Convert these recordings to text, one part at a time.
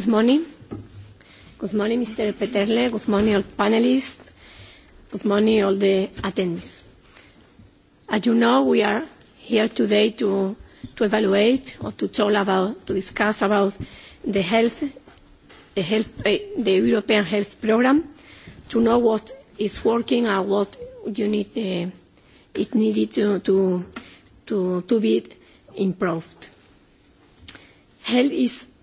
Good morning. Good morning, Mr. Peterle. Good morning, all panelists. Good morning, all the attendees. As you know, we are here today to, to evaluate or to talk about, to discuss about the health, the, health, uh, the European Health Programme, to know what is working and what you need, uh, is needed to, to, to, to be improved. Health is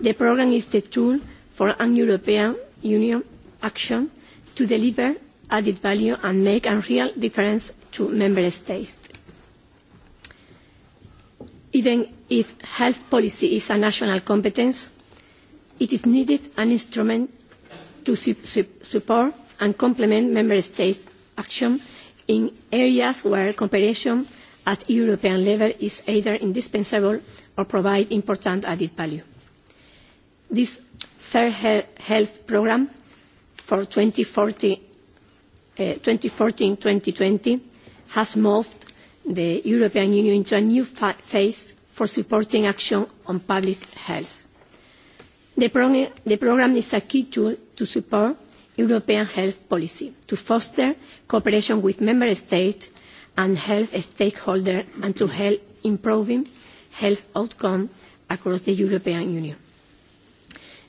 The programme is the tool for an European Union action to deliver added value and make a real difference to member states. Even if health policy is a national competence, it is needed an instrument to support and complement member states' action in areas where cooperation at European level is either indispensable or provides important added value. This third health programme for 2014 2020 has moved the European Union into a new phase for supporting action on public health. The programme is a key tool to support European health policy, to foster cooperation with member states and health stakeholders, and to help improving health outcomes across the European Union.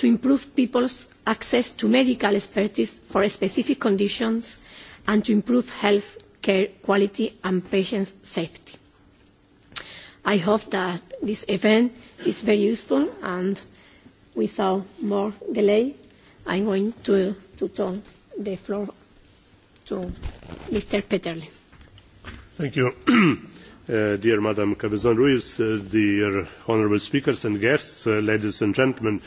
to improve people's access to medical expertise for specific conditions and to improve health care quality and patient safety. I hope that this event is very useful and without more delay, I'm going to, to turn the floor to Mr. Peterle. Thank you. uh, dear Madam Cabezon Ruiz, uh, dear honourable speakers and guests, uh, ladies and gentlemen, uh,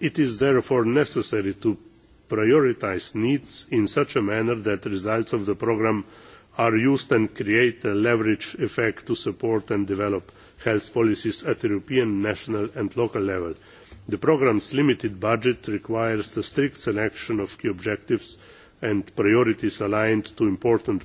It is therefore necessary to prioritise needs in such a manner that the results of the programme are used and create a leverage effect to support and develop health policies at European, national and local level. The programme's limited budget requires the strict selection of key objectives and priorities aligned to important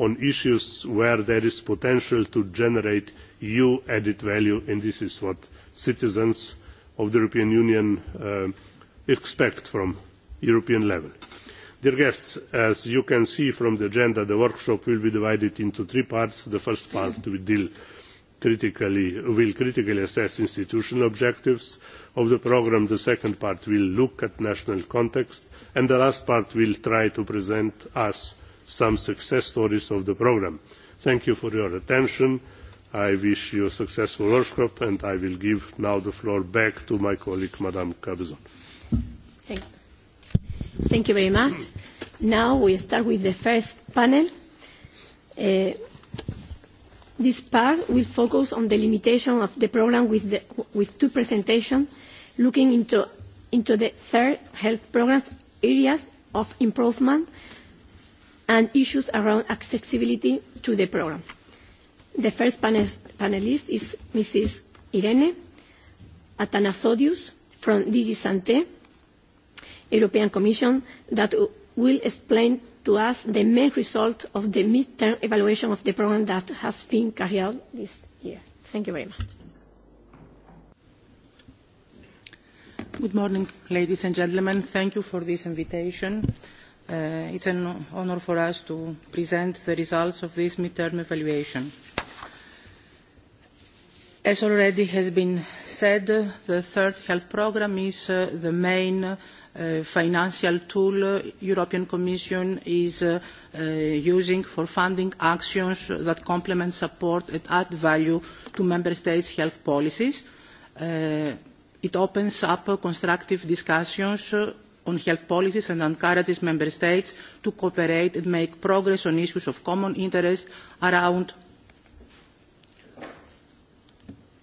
on issues where there is potential to generate EU added value, and this is what citizens of the European Union expect from European level. Dear guests, as you can see from the agenda, the workshop will be divided into three parts. The first part will deal critically will critically assess institutional objectives of the programme. The second part will look at national context, and the last part will try to present us some success stories of the programme. Thank you for your attention. I wish you a successful workshop, and I will give now the floor back to my colleague, Madame Cabezon. Thank you very much. Now we start with the first panel. This part will focus on the limitation of the programme with the with two presentations, looking into into the third health programme areas of improvement and issues around accessibility to the program. The first panelist is Mrs. Irene Athanasodius from DG Santé, European Commission, that will explain to us the main result of the mid-term evaluation of the program that has been carried out this year. Thank you very much. Good morning, ladies and gentlemen. Thank you for this invitation it's an honor for us to present the results of this midterm evaluation. As already has been said, the third health programme is the main financial tool the European Commission is using for funding actions that complement support and add value to Member States' health policies. it opens up constructive discussions on health policies and encourages member states to cooperate and make progress on issues of common interest around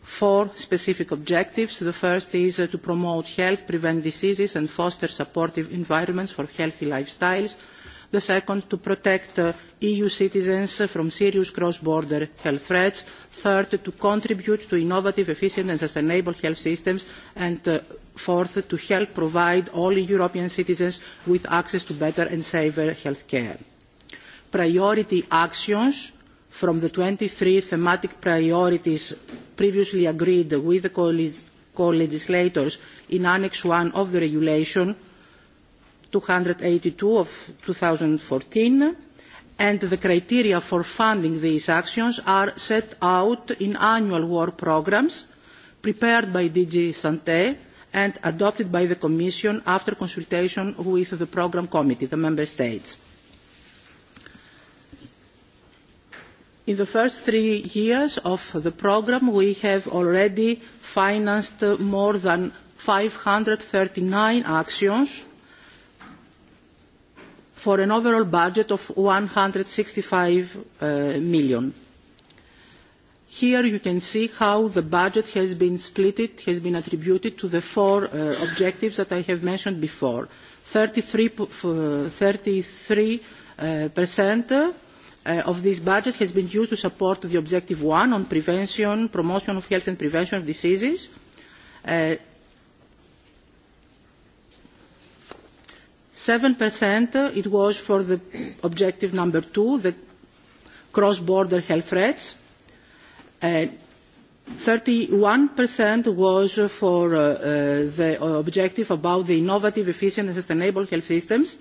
four specific objectives. The first is to promote health, prevent diseases and foster supportive environments for healthy lifestyles the second to protect EU citizens from serious cross-border health threats, third to contribute to innovative, efficient and sustainable health systems, and fourth to help provide all European citizens with access to better and safer health care. Priority actions from the twenty three thematic priorities previously agreed with the co-legislators in Annex I of the regulation 282 of 2014, and the criteria for funding these actions are set out in annual work programmes prepared by DG Santé and adopted by the Commission after consultation with the Programme Committee, the Member States. In the first three years of the programme, we have already financed more than 539 actions for an overall budget of 165 uh, million. Here you can see how the budget has been split, has been attributed to the four uh, objectives that I have mentioned before. 33% uh, of this budget has been used to support the objective one on prevention, promotion of health and prevention of diseases. 7% it was for the objective number two, the cross-border health threats. per 31% was for the objective about the innovative, efficient, and sustainable health systems.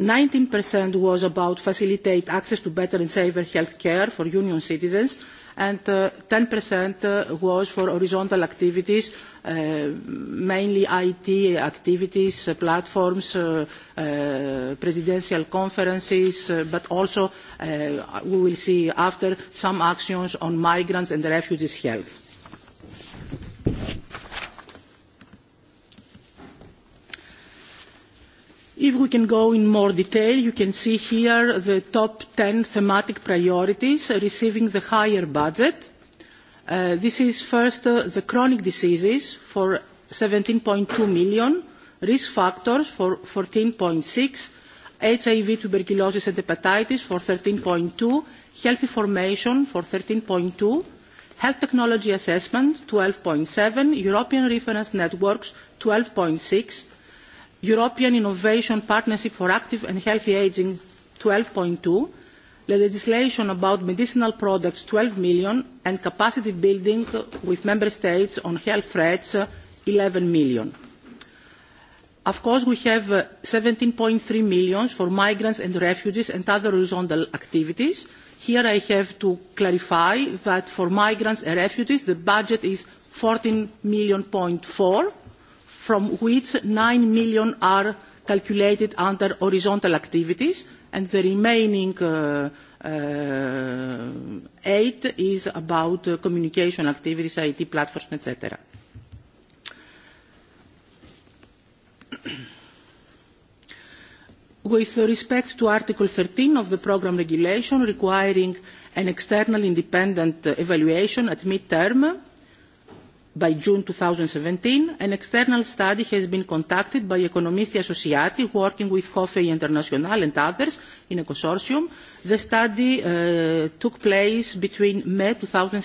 19% was about facilitate access to better and safer health care for union citizens, and 10% was for horizontal activities mainly IT activities, platforms, presidential conferences, but also we will see after some actions on migrants and refugees' health. If we can go in more detail, you can see here the top ten thematic priorities receiving the higher budget this is first the chronic diseases for 17.2 million, risk factors for 14.6, HIV, tuberculosis and hepatitis for 13.2, healthy formation for 13.2, health technology assessment 12.7, European reference networks 12.6, European Innovation Partnership for Active and Healthy Aging 12.2, legislation about medicinal products 12 million and capacity building with member states on health threats 11 million. Of course, we have 17.3 million for migrants and refugees and other horizontal activities. Here I have to clarify that for migrants and refugees, the budget is 14 million point four, from which 9 million are calculated under horizontal activities, and the remaining uh, uh, eight is about uh, communication activities, IT platforms, etc. With respect to Article 13 of the Programme Regulation requiring an external independent evaluation at mid-term, by June seventeen, an external study has been conducted by Economisti Associati working with COFEI International and others in a consortium. The study took place between May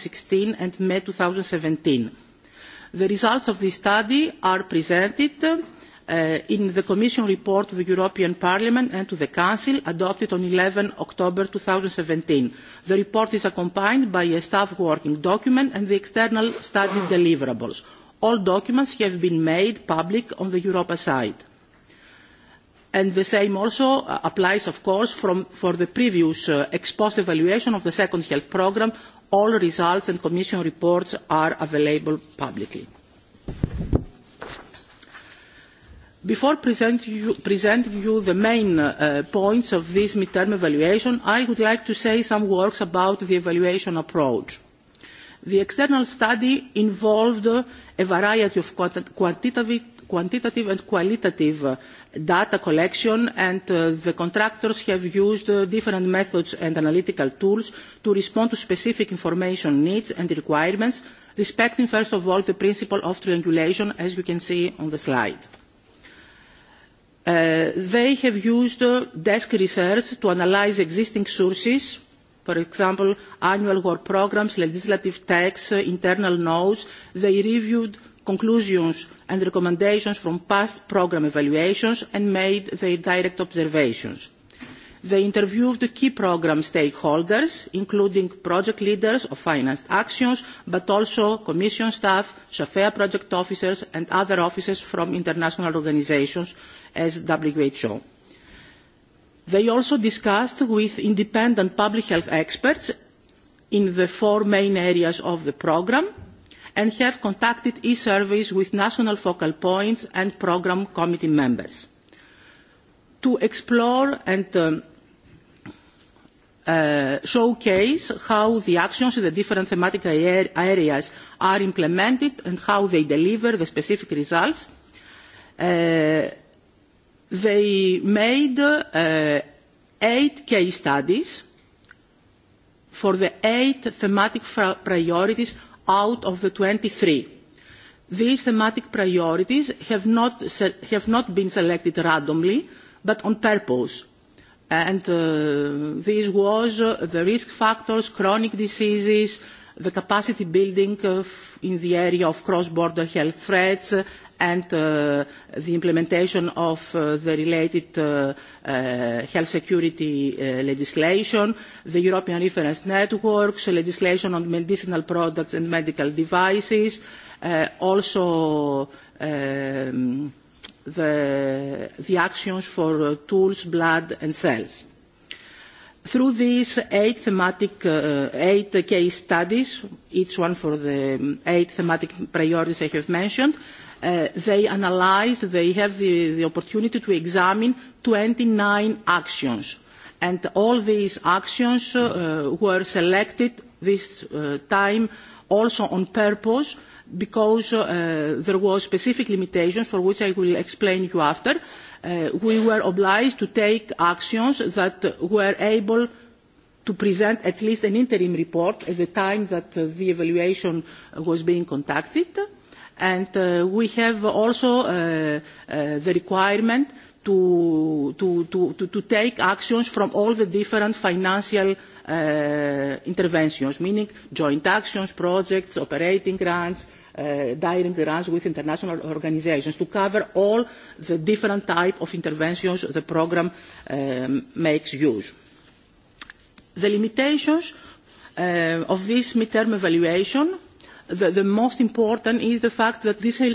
sixteen and May seventeen. The results of this study are presented in the Commission report to the European Parliament and to the Council adopted on 11 October seventeen. The report is accompanied by a staff working document and the external study deliverables. All documents have been made public on the Europa site. And the same also applies, of course, for the previous ex post evaluation of the second health programme. All results and Commission reports are available publicly. Before presenting you the main points of this mid term evaluation, I would like to say some words about the evaluation approach. The external study involved a variety of quantitative and qualitative data collection, and the contractors have used different methods and analytical tools to respond to specific information needs and requirements, respecting, first of all, the principle of triangulation, as you can see on the slide they have used desk research to analyse existing sources, for example, annual work programmes, legislative texts, internal notes. They reviewed conclusions and recommendations from past programme evaluations and made their direct observations They interviewed the key programme stakeholders, including project leaders of financed actions, but also Commission staff, SAFEA project officers, and other officers from international organisations as WHO. They also discussed with independent public health experts in the four main areas of the programme and have contacted e-surveys with national focal points and programme committee members. To explore and showcase how the actions in the different thematic areas are implemented and how they deliver the specific results. they made eight case studies for the eight thematic priorities out of the twenty three. These thematic priorities have not, been selected randomly, but on purpose And this was the risk factors, chronic diseases, the capacity building in the area of cross-border health threats, and the implementation of the related health security legislation, the European reference networks, legislation on medicinal products and medical devices, also um, the, the actions for uh, tools, blood and cells. Through these eight thematic, uh, eight case studies, each one for the eight thematic priorities I have mentioned, uh, they analyzed, they have the, the opportunity to examine 29 actions. And all these actions uh, were selected this uh, time also on purpose uh, because there were specific limitations for which I will explain you after, we were obliged to take actions that were able to present at least an interim report at the time that the evaluation was being conducted. And we have also the requirement to, to, to, to, to take actions from all the different financial uh, interventions, meaning joint actions, projects, operating grants, uh, direct runs with international organizations to cover all the different type of interventions the program um, makes use. The limitations uh, of this midterm evaluation the, the most important is the fact that this um,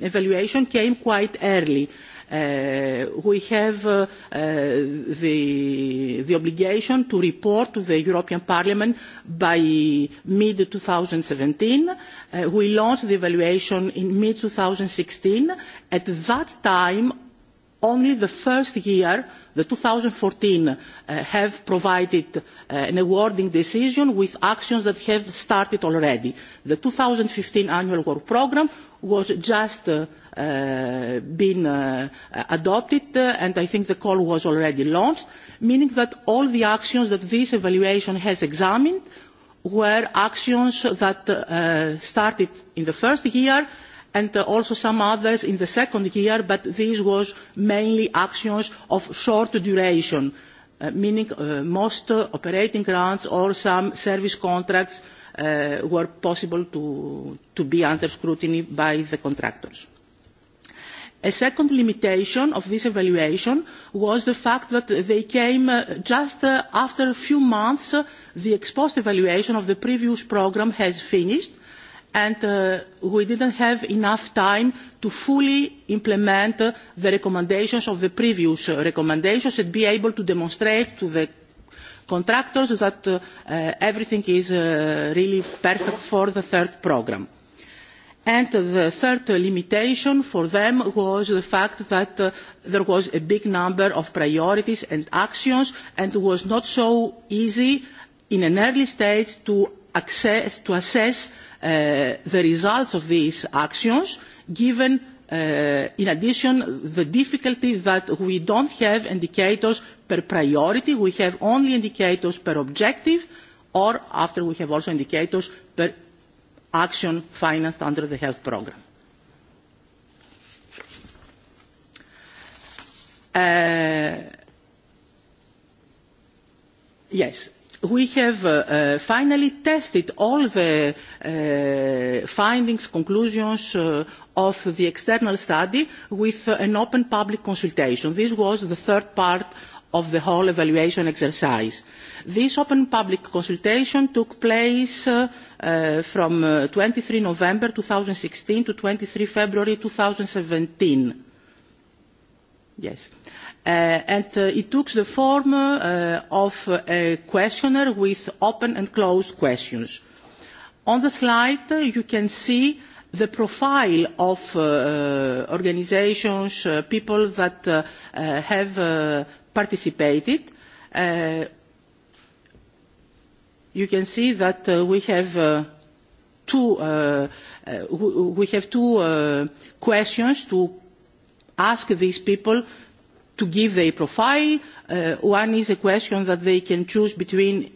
evaluation came quite early we have the, obligation to report to the European Parliament by mid-2017. Uh, we launched the evaluation in mid-2016. At that time, only the first year, the 2014, uh, have provided an awarding decision with actions that have started already. The fifteen annual work programme was just uh, uh, been uh, adopted uh, and I think the call was already launched, meaning that all the actions that this evaluation has examined were actions that uh, started in the first year and also some others in the second year, but this was mainly actions of short duration, meaning most operating grants or some service contracts uh, uh, were possible to, to be under scrutiny by the contractors. A second limitation of this evaluation was the fact that they came just after a few months the ex-post evaluation of the previous programme has finished and we didn't have enough time to fully implement the recommendations of the previous recommendations and be able to demonstrate to the contractors that uh, uh, everything is uh, really perfect for the third programme. And the third limitation for them was the fact that uh, there was a big number of priorities and actions and it was not so easy in an early stage to, access, to assess uh, the results of these actions given in addition, the difficulty that we don't have indicators per priority. We have only indicators per objective, or after we have also indicators per action financed under the health program. yes, we have uh, uh, finally tested all the uh, findings, conclusions uh, of the external study with uh, an open public consultation. This was the third part of the whole evaluation exercise. This open public consultation took place uh, uh, from uh, 23 November 2016 to 23 February 2017. Yes. Uh, and uh, it took the form uh, of a questionnaire with open and closed questions. On the slide, uh, you can see the profile of organisations, people that have participated. you can see that we have two we have two questions to ask these people to give their profile. one is a question that they can choose between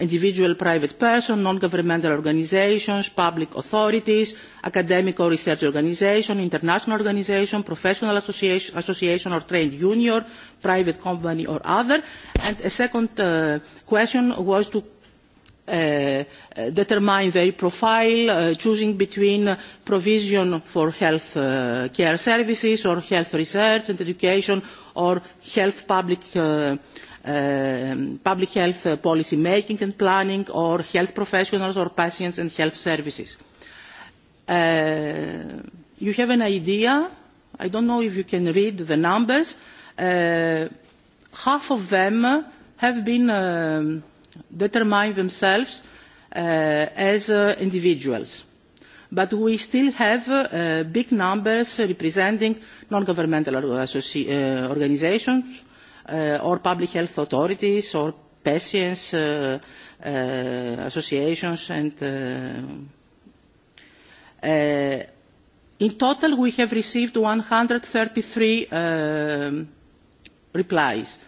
individual private person, non-governmental organizations, public authorities, academic or research organization, international organization, professional association, association or trade union, private company or other. And a second uh, question was to uh, determine their profile, uh, choosing between provision for health uh, care services or health research and education or health public uh, public health policy making and planning or health professionals or patients and health services. you have an idea, I don't know if you can read the numbers, half of them have been determined themselves as individuals. But we still have big numbers representing non-governmental organisations or public health authorities or patients associations and in total we have received one hundred and thirty three replies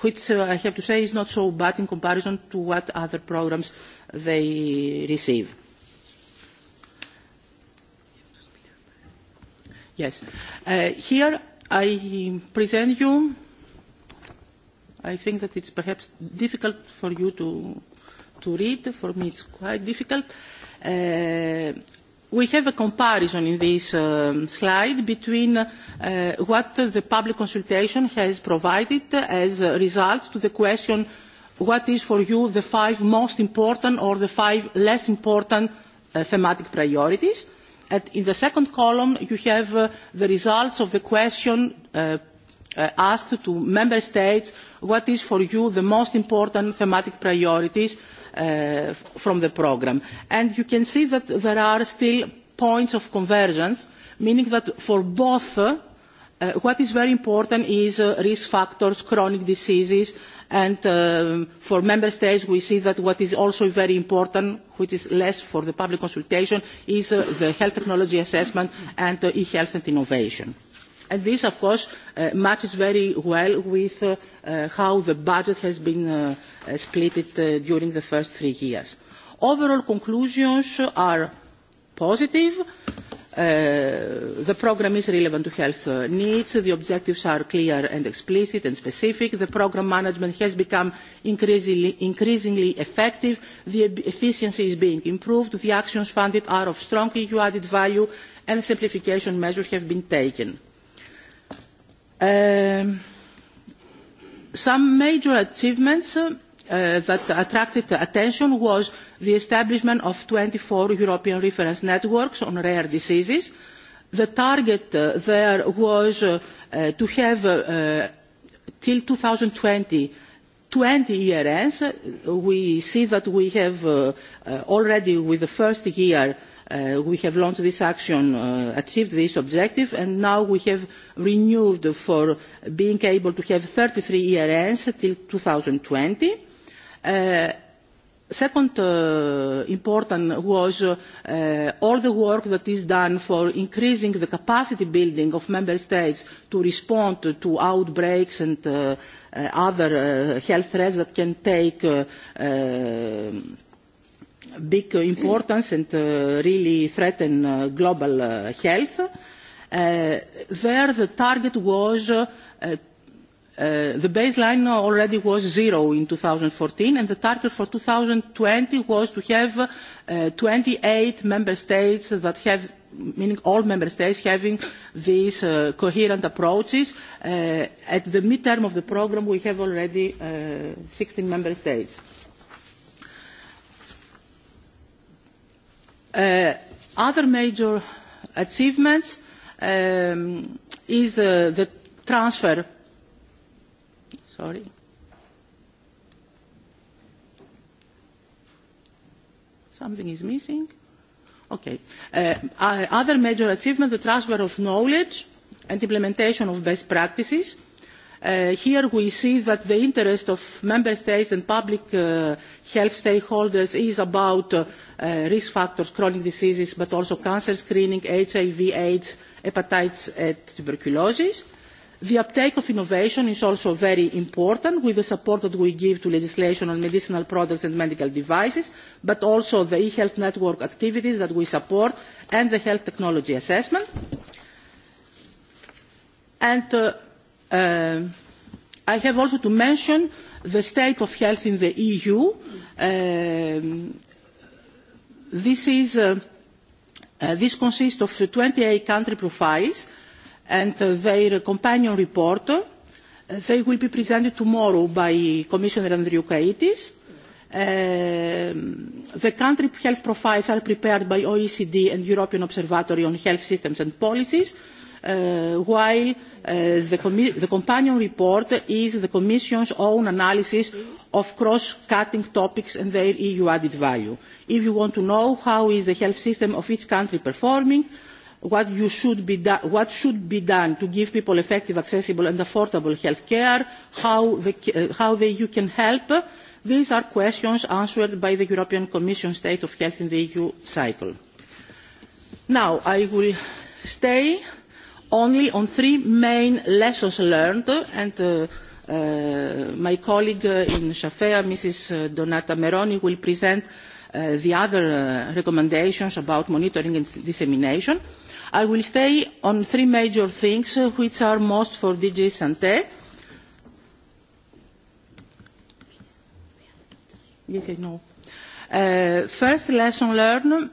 which I have to say is not so bad in comparison to what other programmes they receive. Yes. here I present you, I think that it's perhaps difficult for you to, to read, for me it's quite difficult. Uh, we have a comparison in this um, slide between uh, what the public consultation has provided as results to the question what is for you the five most important or the five less important uh, thematic priorities in the second column, you have the results of the question asked to member states, what is for you the most important thematic priorities from the programme. And you can see that there are still points of convergence, meaning that for both what is very important is risk factors, chronic diseases, and for member states we see that what is also very important, which is less for the public consultation, is the health technology assessment and e-health and innovation. And this, of course, matches very well with how the budget has been split during the first three years. Overall conclusions are positive the programme is relevant to health needs. The objectives are clear and explicit and specific. The programme management has become increasingly, effective. The efficiency is being improved. The actions funded are of strong EU added value and simplification measures have been taken. some major achievements that attracted attention was the establishment of twenty four European reference networks on rare diseases. The target there was to have uh, till 2020 20 year ends. We see that we have already with the first year we have launched this action, achieved this objective, and now we have renewed for being able to have 33 year ends till 2020 second uh, important was uh, all the work that is done for increasing the capacity building of member states to respond to outbreaks and uh, uh, other uh, health threats that can take uh, uh, big importance and uh, really threaten uh, global uh, health. Uh, there the target was uh, the baseline already was zero in 2014, and the target for 2020 was to have uh, 28 member states that have meaning all member states having these uh, coherent approaches. Uh, at the midterm of the program, we have already uh, 16 member states. Uh, other major achievements um, is uh, the transfer Sorry. Something is missing. Okay. Uh, other major achievement, the transfer of knowledge and implementation of best practices. Here we see that the interest of member states and public health stakeholders is about risk factors, chronic diseases, but also cancer screening, HIV, AIDS, hepatitis, and tuberculosis The uptake of innovation is also very important with the support that we give to legislation on medicinal products and medical devices, but also the e-health network activities that we support and the health technology assessment. And uh, uh, I have also to mention the state of health in the EU. Um, this, is, uh, uh, this consists of 28 country profiles and their companion report. they will be presented tomorrow by Commissioner Andriukaitis. the country health profiles are prepared by OECD and European Observatory on Health Systems and Policies, while the, companion report is the Commission's own analysis of cross-cutting topics and their EU added value. If you want to know how is the health system of each country performing, what, you should be what should be done to give people effective, accessible and affordable health care, how the, uh, how the EU can help, these are questions answered by the European Commission State of Health in the EU cycle. Now, I will stay only on three main lessons learned, and uh, uh, my colleague in Shafea, Mrs. Donata Meroni, will present uh, the other uh, recommendations about monitoring and dissemination. Uh, I will stay on three major things which are most for DG Santé. Uh, first lesson learned,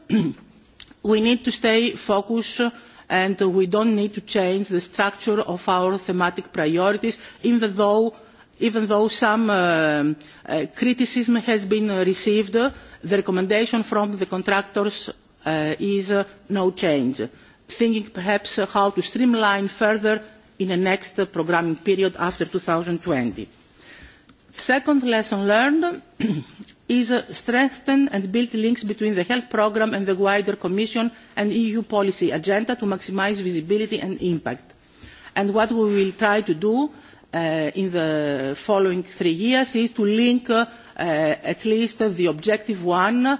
we need to stay focused and we don't need to change the structure of our thematic priorities, even though, even though some uh, uh, criticism has been received, the recommendation from the contractors uh, is uh, no change thinking perhaps how to streamline further in the next programming period after twenty. Second lesson learned is strengthen and build links between the health programme and the wider Commission and EU policy agenda to maximise visibility and impact. And what we will try to do in the following three years is to link at least the objective one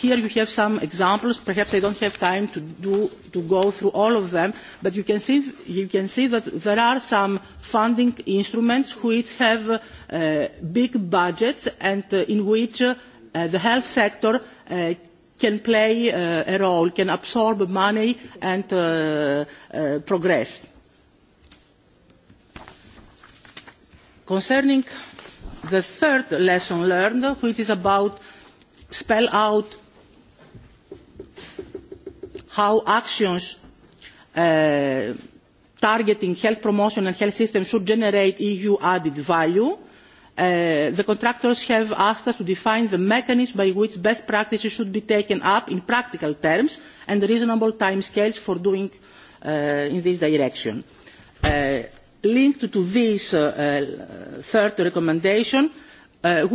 Here you have some examples. Perhaps I don't have time to, do, to go through all of them, but you can, see, you can see that there are some funding instruments which have uh, big budgets and uh, in which uh, the health sector uh, can play uh, a role, can absorb money and uh, uh, progress. Concerning the third lesson learned, which is about spell out how actions targeting health promotion and health systems should generate EU added value. the contractors have asked us to define the mechanism by which best practices should be taken up in practical terms and reasonable timescales for doing in this direction. linked to this third recommendation,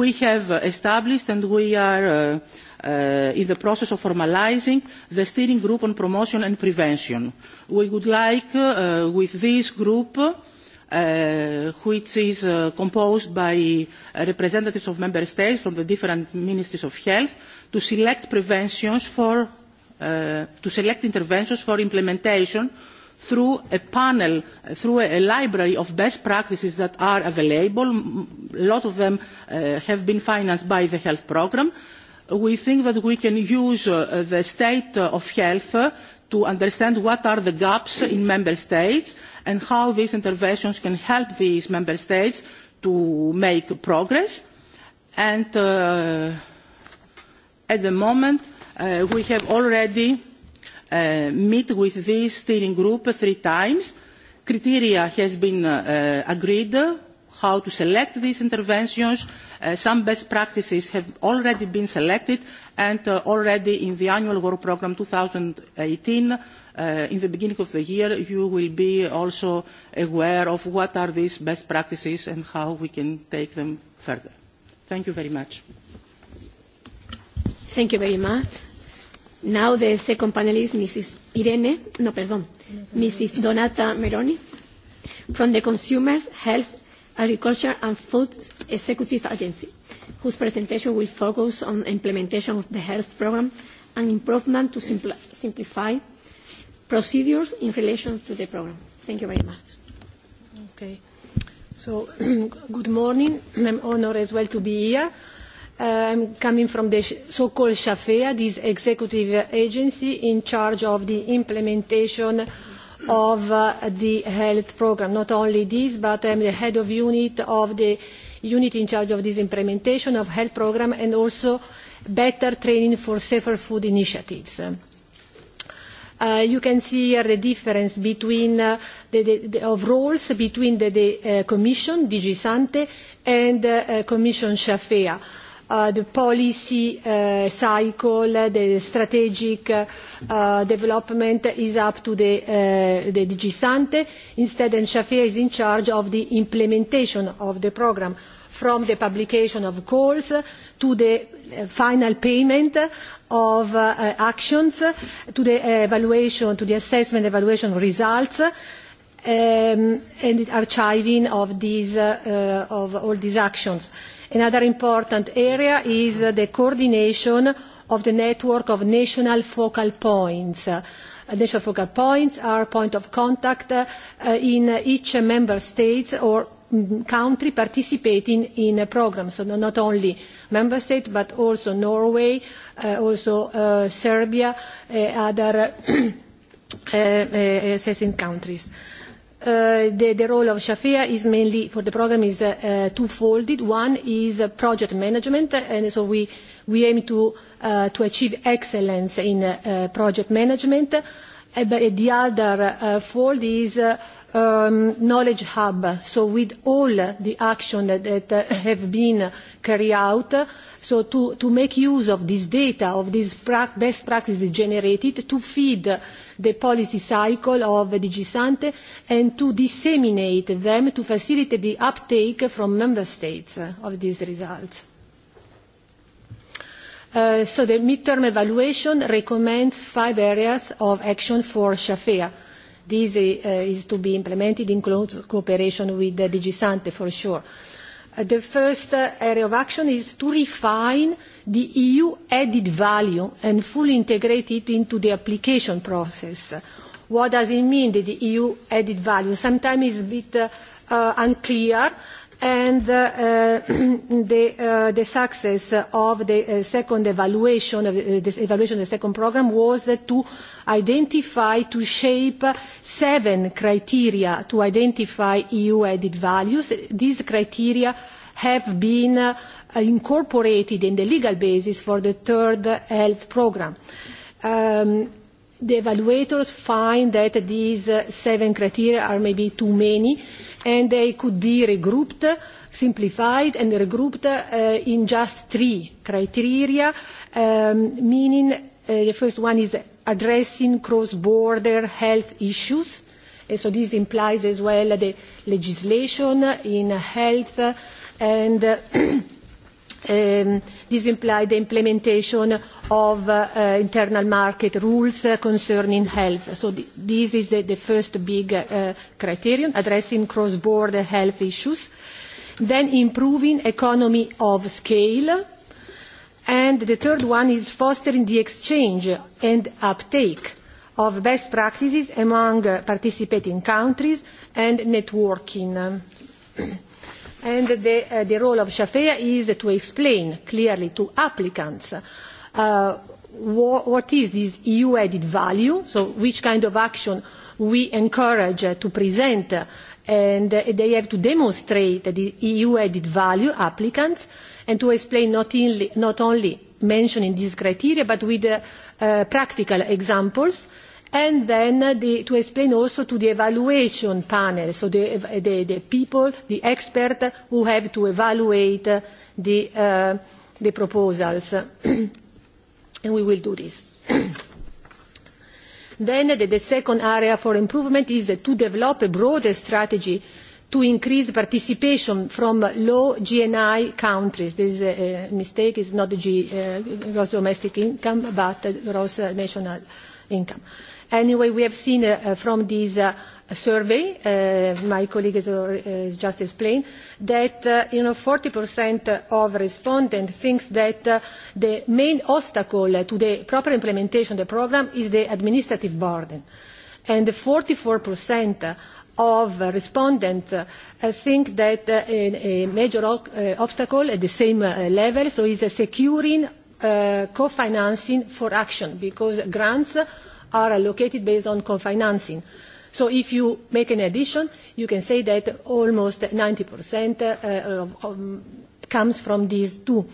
we have established and we are in the process of formalising the steering group on promotion and prevention. We would like, with this group, which is composed by representatives of member states from the different ministries of health, to select preventions for, to select interventions for implementation through a panel, through a library of best practices that are available. A lot of them have been financed by the health programme we think that we can use the state of health to understand what are the gaps in member states and how these interventions can help these member states to make progress. And at the moment, we have already met with this steering group three times. Criteria has been agreed, how to select these interventions, some best practices have already been selected and already in the annual work programme 2018 uh, in the beginning of the year you will be also aware of what are these best practices and how we can take them further. Thank you very much. Thank you very much. Now the second panelist, Mrs. Irene, no, perdón, Mrs. Donata Meroni from the Consumers Health Agriculture and Food Executive Agency, whose presentation will focus on implementation of the health programme and improvement to simpl simplify procedures in relation to the programme. Thank you very much. Okay. So, good morning. I'm honored as well to be here. I'm coming from the so-called SHAFEA, this executive agency in charge of the implementation of the health programme. Not only this, but I am the head of unit of the unit in charge of this implementation of health programme and also better training for safer food initiatives. you can see here the difference between of roles between the, Commission, DG Sante, and Commission Shafea the policy cycle, the strategic development is up to the DG Sante. Instead, Enshafia is in charge of the implementation of the programme from the publication of calls to the final payment of actions, to the evaluation, to the assessment evaluation results, and archiving of all these actions Another important area is the coordination of the network of national focal points. National focal points are point of contact in each member state or country participating in a programme. So not only member states, but also Norway, also Serbia, other assessing countries the, the role of Shafia is mainly for the program is uh, two-folded. One is project management, and so we, we aim to, uh, to achieve excellence in uh, project management. but the other fold is knowledge hub, so with all the action that have been carried out, so to make use of this data, of these best practices generated, to feed the policy cycle of DigiSante and to disseminate them to facilitate the uptake from member states of these results. So the mid term evaluation recommends five areas of action for Shafea This is to be implemented in close cooperation with DG Sante for sure. The first area of action is to refine the EU added value and fully integrate it into the application process. What does it mean, the EU added value? Sometimes it's a bit unclear and the, success of the second evaluation, of the, evaluation of the second programme was to identify, to shape seven criteria to identify EU added values. These criteria have been incorporated in the legal basis for the third health programme the evaluators find that these uh, seven criteria are maybe too many and they could be regrouped, simplified and regrouped uh, in just three criteria, um, meaning uh, the first one is addressing cross-border health issues. And so this implies as well the legislation in health and this implies the implementation of internal market rules concerning health. So this is the, first big criterion, addressing cross-border health issues. Then improving economy of scale. And the third one is fostering the exchange and uptake of best practices among participating countries and networking and the, role of Shafia is to explain clearly to applicants what is this EU added value, so which kind of action we encourage to present, and they have to demonstrate the EU added value applicants, and to explain not, in, not only mentioning these criteria, but with practical examples, and then the, to explain also to the evaluation panel, so the, the, the people, the experts who have to evaluate the, uh, the proposals. and we will do this. then the, the second area for improvement is to develop a broader strategy to increase participation from low GNI countries. This is a mistake. It's not the G, uh, gross domestic income, but uh, gross national income Anyway, we have seen from this survey, my colleague has just explained, that you know, 40% of respondents think that the main obstacle to the proper implementation of the program is the administrative burden. And 44% of respondents think that a major obstacle at the same level so is securing co-financing for action because grants are allocated based on co-financing. So if you make an addition, you can say that almost 90% uh, um, comes from these two.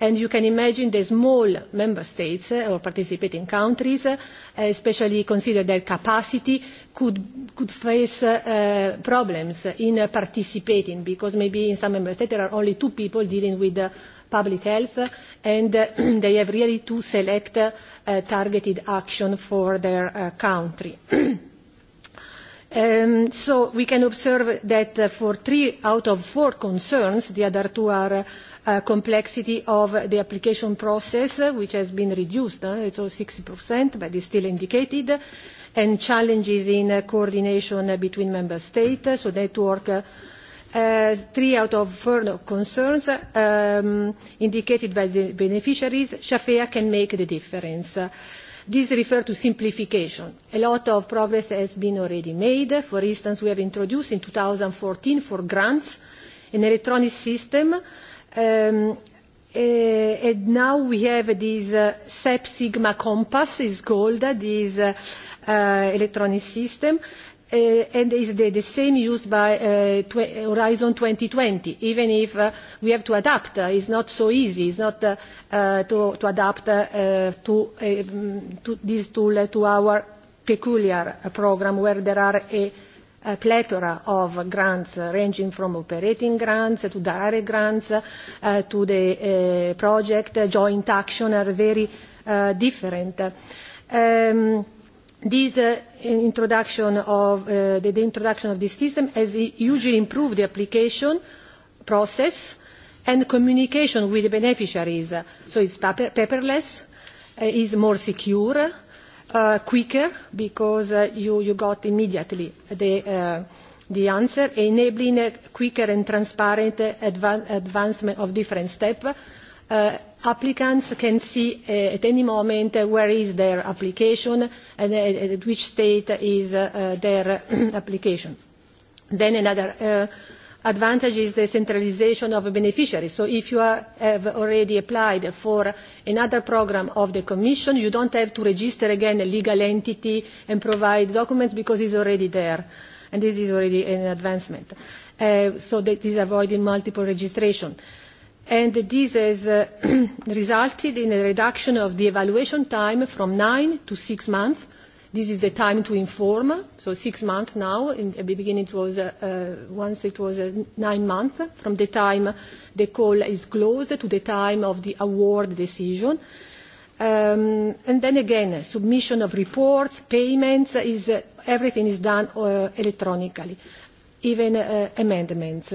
And you can imagine the small member states uh, or participating countries, uh, especially consider their capacity, could, could face uh, problems in uh, participating because maybe in some member states there are only two people dealing with uh, public health, and they have really to select targeted action for their country. so we can observe that for three out of four concerns, the other two are complexity of the application process, which has been reduced, uh, it's all 60%, but it's still indicated, and challenges in coordination between member states, so network three out of four concerns indicated by the beneficiaries, Shafea can make the difference. These refer to simplification. A lot of progress has been already made. For instance, we have introduced in fourteen for grants an electronic system, and now we have this SEP Sigma Compass, is called, this electronic system, and is the, same used by Horizon 2020, even if we have to adapt. it's not so easy. It's not to, adapt to, this tool to our peculiar program where there are a, plethora of grants ranging from operating grants to direct grants to the project. joint action are very different. This introduction of the introduction of this system has hugely improved the application process and communication with the beneficiaries. So it's paper, paperless, uh, is more secure, uh, quicker because uh, you, you got immediately the, uh, the answer, enabling a quicker and transparent advancement of different steps. Uh, applicants can see at any moment where is their application and at which state is their application. Then another advantage is the centralisation of beneficiaries. So if you have already applied for another programme of the Commission, you don't have to register again a legal entity and provide documents because it's already there. And this is already an advancement. so that is avoiding multiple registration. Uh, and this has resulted in a reduction of the evaluation time from nine to six months. This is the time to inform, so six months now. In the beginning, it was uh, once it was nine months from the time the call is closed to the time of the award decision. and then again, submission of reports, payments, is, uh, everything is done electronically, even uh, amendments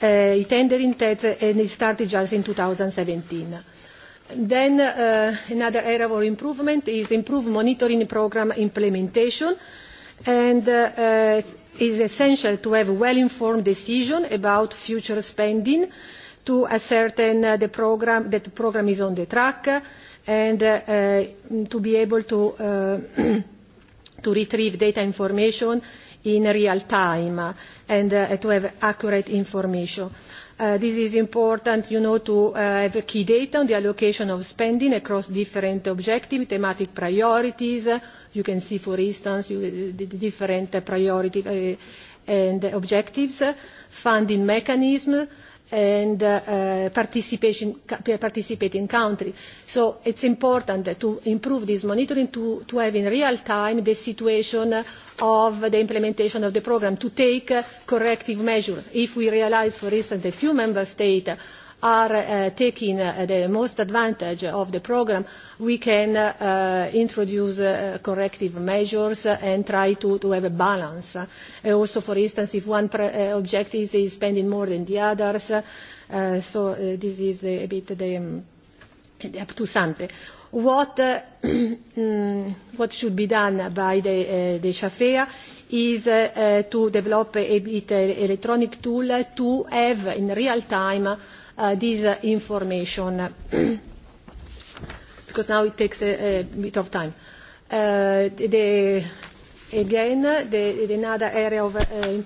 in that and it started just in 2017. Then uh, another area for improvement is improved monitoring program implementation and uh, uh, is essential to have well-informed decision about future spending to ascertain uh, the program, that the program is on the track and uh, uh, to be able to, uh, to retrieve data information in real time and uh, to have accurate information. Uh, this is important, you know, to uh, have key data on the allocation of spending across different objectives, thematic priorities. You can see, for instance, you, the different priority uh, and objectives, funding mechanisms, and uh, uh, participating country. So it's important to improve this monitoring to, to have in real time the situation of the implementation of the program, to take corrective measures. If we realize, for instance, a few member states are taking the most advantage of the programme, we can introduce corrective measures and try to have a balance. Also, for instance, if one objective is spending more than the others, so this is a bit the up to Sante. What should be done by the Shafea is to develop a bit electronic tool to have in real time this information because now it takes a, a bit of time. Uh, the, again, the, another area of uh,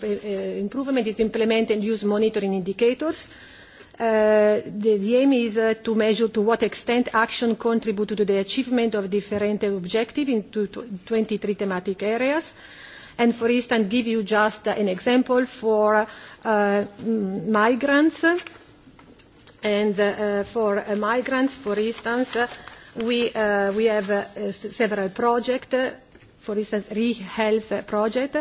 improvement is implement and use monitoring indicators. Uh, the, the aim is uh, to measure to what extent action contributes to the achievement of different objectives in two, 23 thematic areas. And for instance, give you just an example for uh, migrants. Uh, And uh, for uh, migrants, for instance, uh, we, uh, we have uh, several projects, uh, for instance, ReHealth project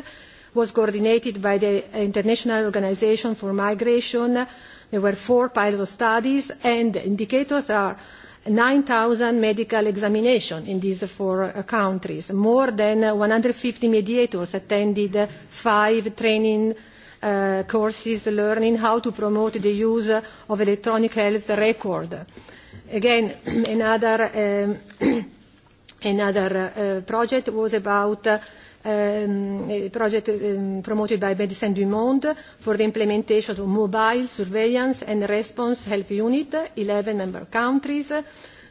was coordinated by the International Organization for Migration. There were four pilot studies, and indicators are 9,000 medical examinations in these four countries. More than 150 mediators attended five training courses learning how to promote the use of electronic health record. Again, another, another project was about a project promoted by Medicine du Monde for the implementation of mobile surveillance and response health unit, 11 member countries,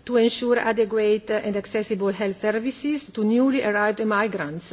to ensure adequate and accessible health services to newly arrived migrants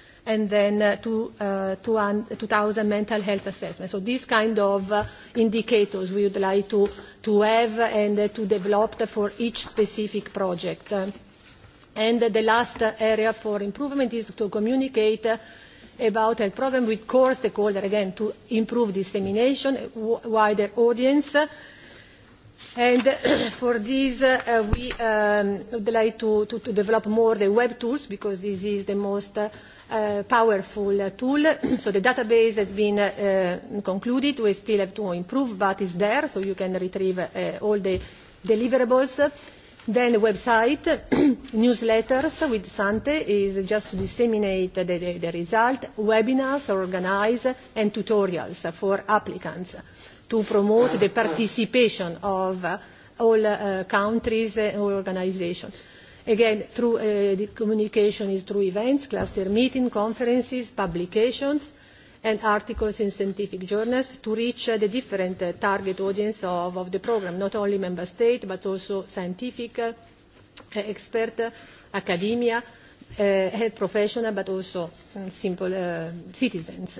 and then uh, uh, 2000 mental health assessments. So these kind of uh, indicators we would like to, to have and uh, to develop for each specific project. Uh, and uh, the last area for improvement is to communicate uh, about health program with core stakeholders, again, to improve dissemination, wider audience, And for this, uh, we um, would like to, to, to develop more the web tools because this is the most uh, powerful tool. so the database has been uh, concluded. We still have to improve, but it's there, so you can retrieve uh, all the deliverables. Then the website, newsletters with Sante is just to disseminate the, the, the result, webinars organized, and tutorials for applicants to promote the participation of all uh, countries and organizations Again, through the communication is through events, cluster meetings, conferences, publications, and articles in scientific journals to reach the different uh, target audience of, of the program, not only member state, but also scientific uh, expert, uh, academia, uh, health professional, but also um, simple uh, citizens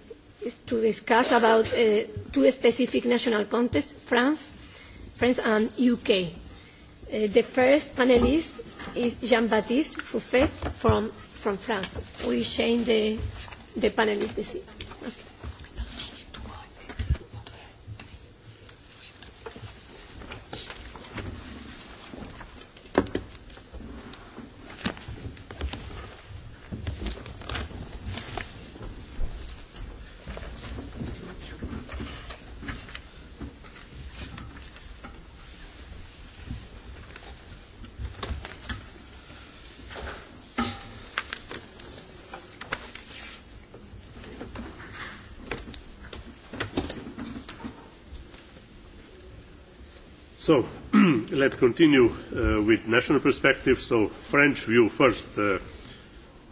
is to discuss about uh, two specific national contests, France, France and UK. Uh, the first panelist is Jean-Baptiste Fouffet from, from France. We change the, the panelist this evening. So let's continue uh, with national perspective. So French view first. Uh,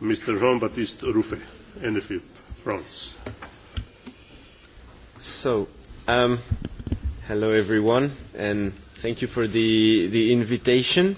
Mr. Jean-Baptiste Ruffet, NFI France. So, um, hello everyone, and thank you for the, the invitation.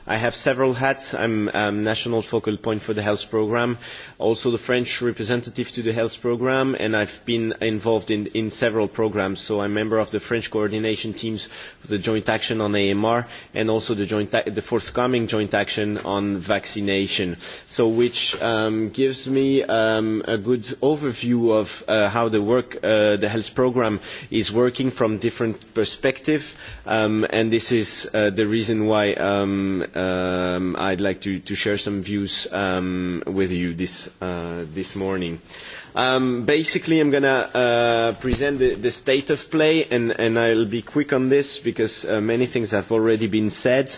I have several hats. I'm um, national focal point for the health program, also the French representative to the health program, and I've been involved in, in several programs. So I'm a member of the French coordination teams for the joint action on AMR and also the, joint the forthcoming joint action on vaccination. So which um, gives me um, a good overview of uh, how the work, uh, the health program is working from different perspectives. Um, and this is uh, the reason why um, uh, um, I'd like to, to share some views um, with you this, uh, this morning. Uh, Um, basically, I'm going to uh, present the, the state of play, and, and I'll be quick on this because uh, many things have already been said.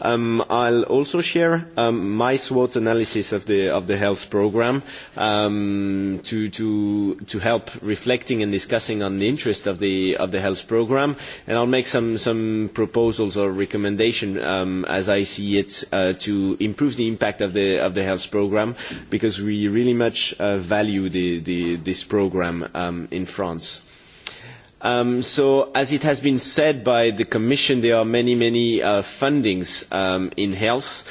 Um, I'll also share um, my SWOT analysis of the, of the health program um, to, to, to help reflecting and discussing on the interest of the, of the health program, and I'll make some, some proposals or recommendations um, as I see it uh, to improve the impact of the, of the health program because we really much uh, value the the, this program um, in France? so as it has been said by the Commission, there are many, many fundings in health,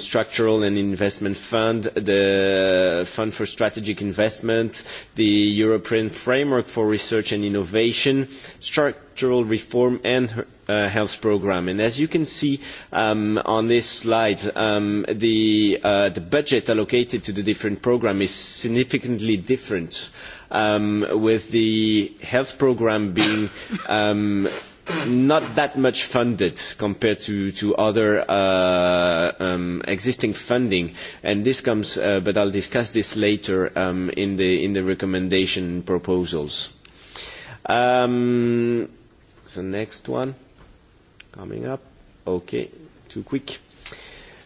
structural and investment fund, the Fund for Strategic Investment, the European Framework for Research and Innovation, structural reform and health programme. And as you can see on this slide, the, budget allocated to the different programmes is significantly different with the health programme being not that much funded compared to other existing funding. and This comes, but I'll discuss this later in the recommendation proposals. The next one coming up. Okay, too quick.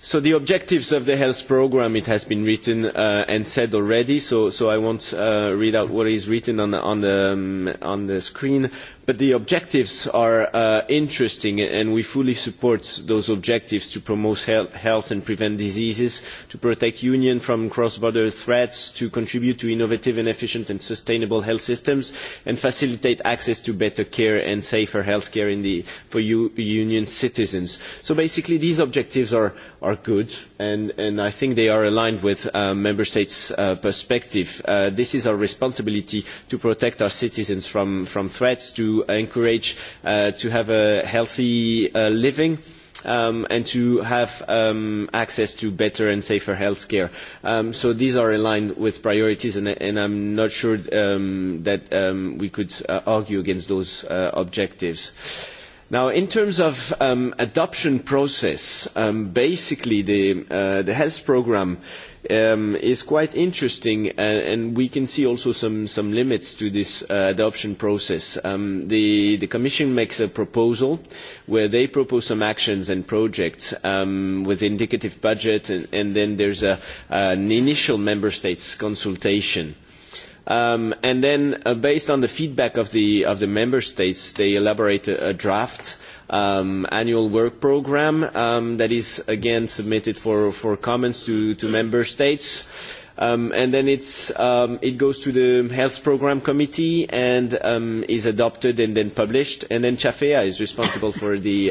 So the objectives of the health programme, it has been written and said already, so, I won't read out what is written on the, screen but the objectives are interesting and we fully support those objectives to promote health and prevent diseases, to protect union from cross-border threats, to contribute to innovative and efficient and sustainable health systems, and facilitate access to better care and safer health care for union citizens. So basically these objectives are, good and, I think they are aligned with Member States' perspective. this is our responsibility to protect our citizens from, threats, to encourage to have a healthy living and to have access to better and safer health care. so these are aligned with priorities, and, I am not sure that we could argue against those objectives. Now, in terms of adoption process, basically the, health programme Um is quite interesting, and we can see also some some limits to this adoption process. The Commission makes a proposal where they propose some actions and projects with indicative budget, and then there's an initial member states consultation and then based on the feedback of the member states they elaborate a, draft annual work programme that is again submitted for, for comments to, to member states and then it goes to the health Programme committee and is adopted and then published. And then CHAFEA is responsible for the,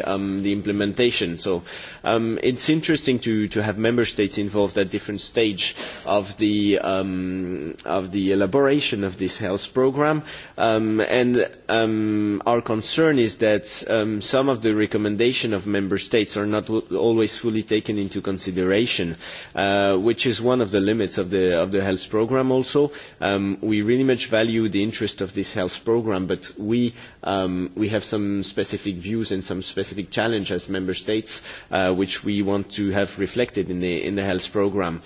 implementation. So um, it's interesting to, to have member states involved at different stage of the, of the elaboration of this health Programme. and our concern is that some of the recommendations of member states are not always fully taken into consideration, which is one of the limits of the the, of the health program also. Um, we really much value the interest of this health program, but we, um, we have some specific views and some specific challenges as member states, uh, which we want to have reflected in the, in the health program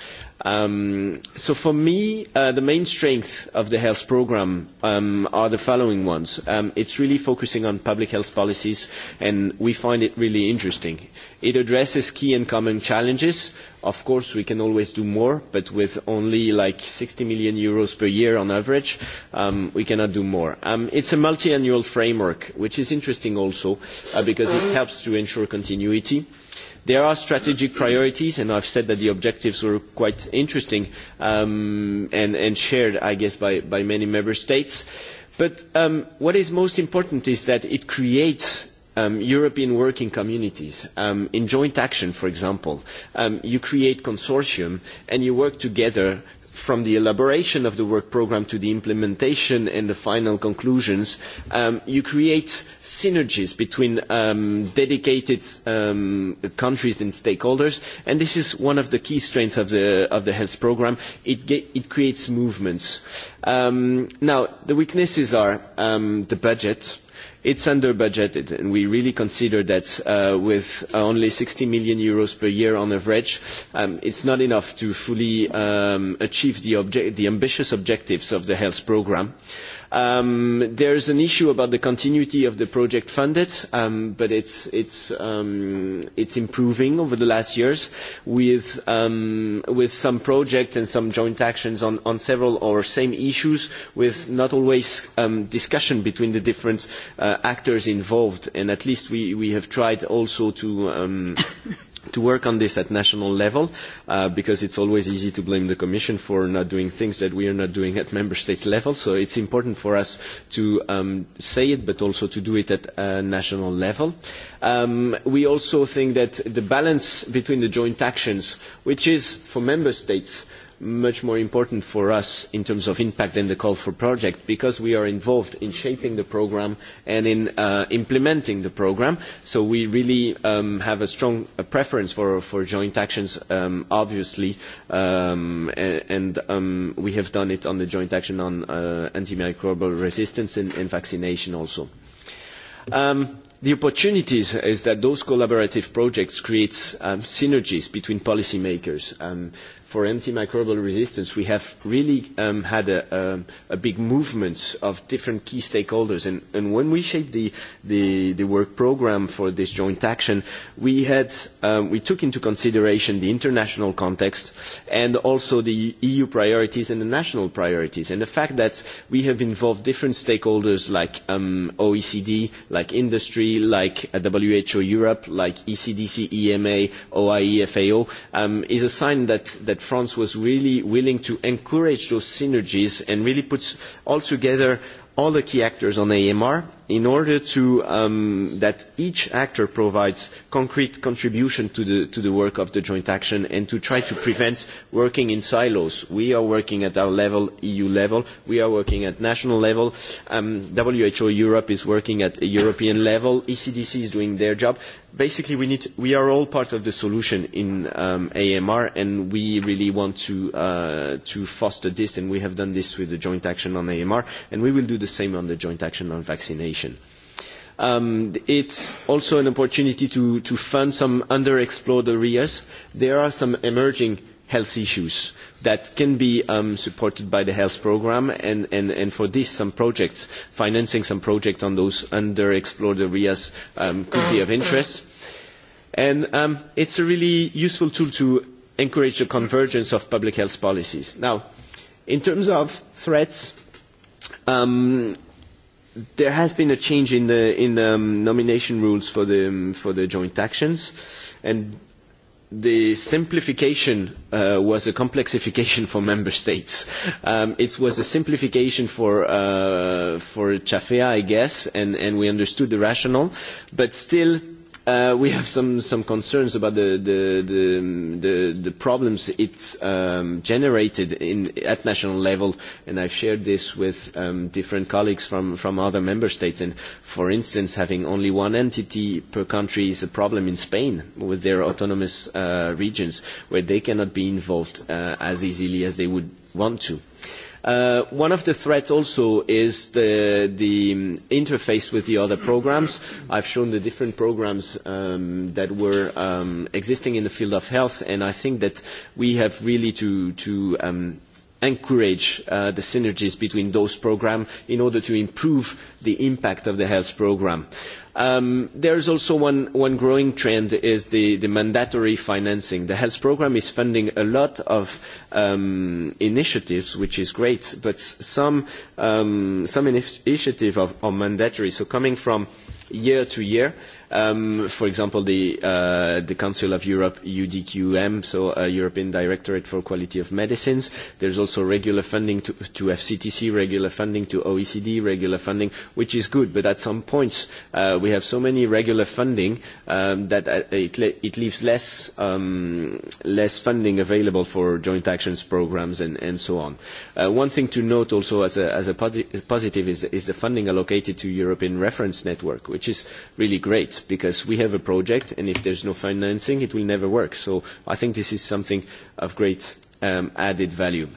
so for me, the main strength of the health programme are the following ones. it's really focusing on public health policies, and we find it really interesting. It addresses key and common challenges. Of course, we can always do more, but with only like 60 million euros per year on average, we cannot do more. it's a multi-annual framework, which is interesting also because it helps to ensure continuity There are strategic priorities, and I've said that the objectives were quite interesting and, and shared, I guess, by, by many member states. But what is most important is that it creates European working communities. in joint action, for example, you create consortium and you work together from the elaboration of the work programme to the implementation and the final conclusions, you create synergies between dedicated countries and stakeholders, and this is one of the key strengths of the, health programme. It, creates movements. now, the weaknesses are the budget It's under budgeted, and we really consider that with only 60 million euros per year on average, it's not enough to fully achieve the ambitious objectives of the health programme Um, is an issue about the continuity of the project funded, um, but it's, it's, um, it's improving over the last years with, um, with some projects and some joint actions on, on several or same issues with not always um, discussion between the different uh, actors involved. And at least we, we have tried also to um, to work on this at national level uh, because it's always easy to blame the Commission for not doing things that we are not doing at member state level. So it's important for us to um, say it but also to do it at national level. Um, we also think that the balance between the joint actions, which is for member states, much more important for us in terms of impact than the call for project because we are involved in shaping the programme and in implementing the programme. So we really have a strong preference for, joint actions, obviously, and we have done it on the joint action on antimicrobial resistance and, vaccination also. The opportunities is that those collaborative projects create synergies between policymakers. Um, for antimicrobial resistance, we have really um, had a, a, a big movement of different key stakeholders. And, and when we shaped the, the, the work program for this joint action, we, had, um, we took into consideration the international context and also the EU priorities and the national priorities. And the fact that we have involved different stakeholders like um, OECD, like industry, like WHO Europe, like ECDC, EMA, OIE, FAO, um, is a sign that, that France was really willing to encourage those synergies and really put all together all the key actors on AMR in order to um, that each actor provides concrete contribution to the to the work of the joint action and to try to prevent working in silos. We are working at our level, EU level. We are working at national level. Um, WHO Europe is working at a European level. ECDC is doing their job, basically we need we are all part of the solution in um, AMR and we really want to uh, to foster this and we have done this with the joint action on AMR and we will do the same on the joint action on vaccination. Um, it's also an opportunity to, to fund some underexplored areas. There are some emerging health issues that can be supported by the health programme and, and, and for this some projects, financing some projects on those underexplored areas could be of interest. And it's a really useful tool to encourage the convergence of public health policies. Now, in terms of threats, there has been a change in the, in the nomination rules for the, for the joint actions and the simplification was a complexification for member states. it was a simplification for uh, for Chafea, I guess, and, and we understood the rationale, but still we have some, some concerns about the, the, the, the, the problems it's um, generated in, at national level, and I've shared this with um, different colleagues from, from other member states. And for instance, having only one entity per country is a problem in Spain with their autonomous uh, regions, where they cannot be involved uh, as easily as they would want to. Uh, one of the threats also is the, the interface with the other programs. I've shown the different programs um, that were um, existing in the field of health, and I think that we have really to, to um, encourage the synergies between those programmes in order to improve the impact of the health programme. There is also one growing trend is the mandatory financing. The health programme is funding a lot of initiatives, which is great, but some, some initiatives are mandatory. So coming from year to year, for example, the, the Council of Europe, UDQM, so uh, European Directorate for Quality of Medicines. There's also regular funding to, to FCTC, regular funding to OECD, regular funding, which is good, but at some points we have so many regular funding that it, it leaves less, less funding available for joint action actions programmes and, and so on. one thing to note also as a, as a positive is, is the funding allocated to European Reference Network, which is really great because we have a project and if there's no financing, it will never work. So I think this is something of great added value.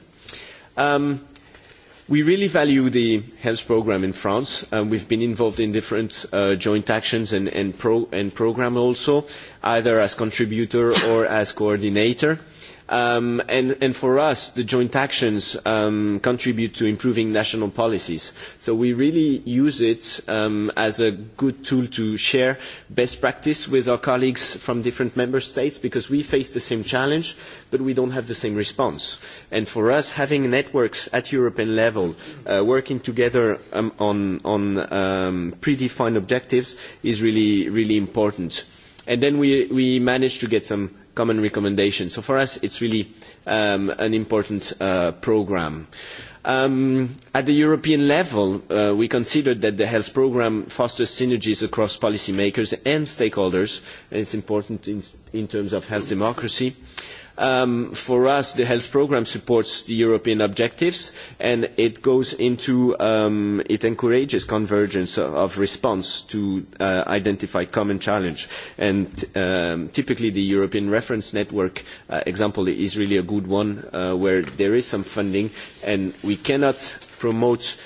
We really value the health programme in France. Um, we've been involved in different joint actions and, and, also, either as contributor or as coordinator and, for us, the joint actions contribute to improving national policies. So we really use it as a good tool to share best practice with our colleagues from different member states because we face the same challenge, but we don't have the same response. And for us, having networks at European level working together on, predefined objectives is really, really important. And then we, we managed to get some common recommendation. So for us, it's really an important programme. at the European level, we considered that the health programme fosters synergies across policymakers and stakeholders, and it's important in, terms of health democracy for us, the health programme supports the European objectives and it goes into, it encourages convergence of response to identify common challenge. And typically the European reference network example is really a good one where there is some funding and we cannot promote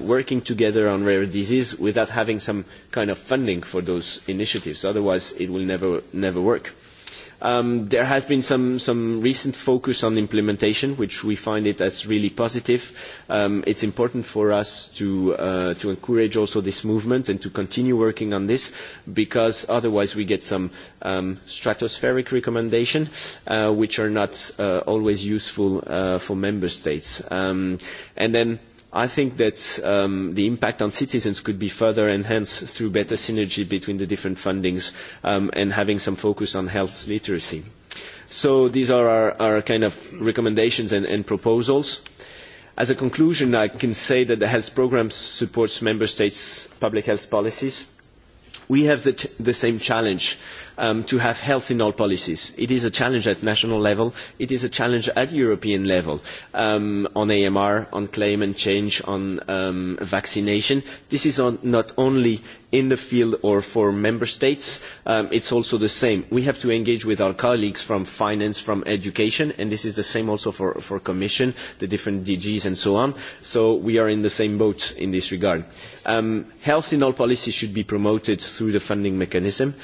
working together on rare disease without having some kind of funding for those initiatives. Otherwise, it will never, never work there has been some, some recent focus on implementation, which we find it as really positive. It is important for us to, encourage also this movement and to continue working on this, because otherwise we get some stratospheric recommendations, which are not always useful for member states. and then I think that the impact on citizens could be further enhanced through better synergy between the different fundings and having some focus on health literacy. So these are our, our kind of recommendations and, and proposals. As a conclusion, I can say that the health programme supports member states' public health policies. We have the, the same challenge to have health in all policies. It is a challenge at national level. It is a challenge at European level on AMR, on climate change, on vaccination. This is not only in the field or for member states, it is also the same. We have to engage with our colleagues from finance, from education, and this is the same also for, for commission, the different DGs and so on. So we are in the same boat in this regard. health in all policies should be promoted through the funding mechanism.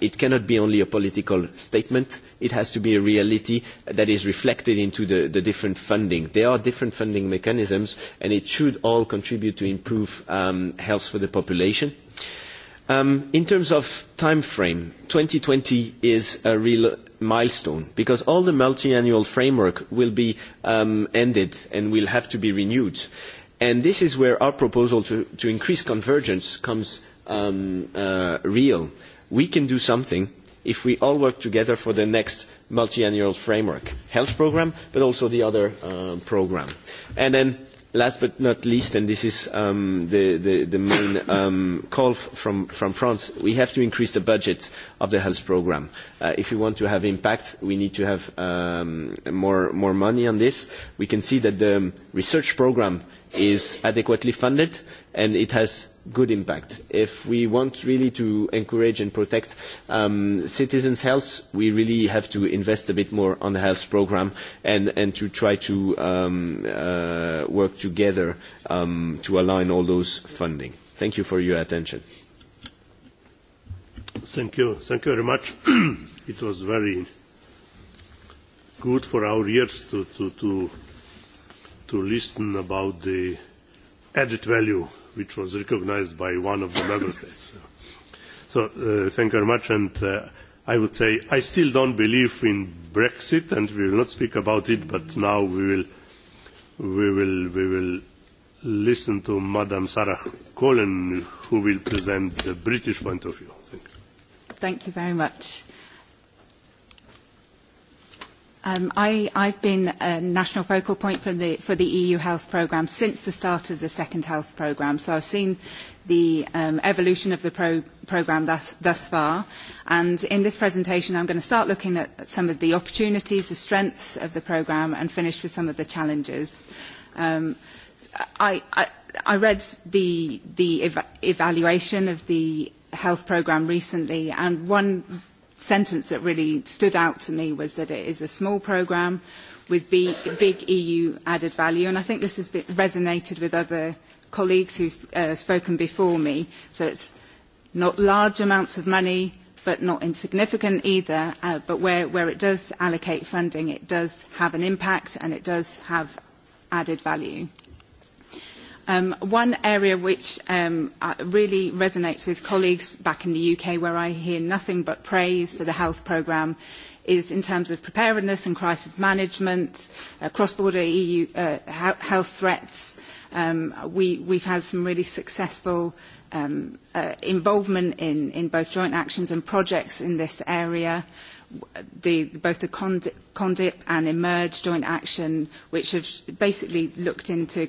it cannot be only a political statement. It has to be a reality that is reflected into the, the different funding. There are different funding mechanisms, and it should all contribute to improve health for the population. in terms of time frame, twenty is a real milestone because all the multiannual framework will be ended and will have to be renewed. And this is where our proposal to, increase convergence comes real we can do something if we all work together for the next multiannual framework health programme, but also the other programme. And then last but not least, and this is the, main call from, France, we have to increase the budget of the health programme. if we want to have impact, we need to have more, money on this. We can see that the research programme is adequately funded and it has good impact. If we want really to encourage and protect citizens' health, we really have to invest a bit more on the health programme and, and to try to work together to align all those funding. Thank you for your attention. Thank you. Thank you very much. it was very good for our ears to, to, to, to listen about the added value which was recognised by one of the member states. So thank you very much, and I would say I still don't believe in Brexit, and we will not speak about it. But now we will, we will, we will listen to Madam Sarah Colin, who will present the British point of view. Thank you. Thank you very much. Um, I, I've been a national focal point for the, for the EU Health Programme since the start of the second health programme, so I've seen the um, evolution of the pro programme thus, thus far. And in this presentation, I'm going to start looking at some of the opportunities, the strengths of the programme, and finish with some of the challenges. Um, I, I, I read the, the ev- evaluation of the health programme recently, and one sentence that really stood out to me was that it is a small programme with big, big EU added value, and I think this has been resonated with other colleagues who've uh, spoken before me. So it's not large amounts of money, but not insignificant either. Uh, but where, where it does allocate funding, it does have an impact and it does have added value one area which really resonates with colleagues back in the UK, where I hear nothing but praise for the health programme, is in terms of preparedness and crisis management, cross-border EU health threats. we, we've had some really successful involvement in, in both joint actions and projects in this area the, both the CONDIP and EMERGE joint action, which have basically looked into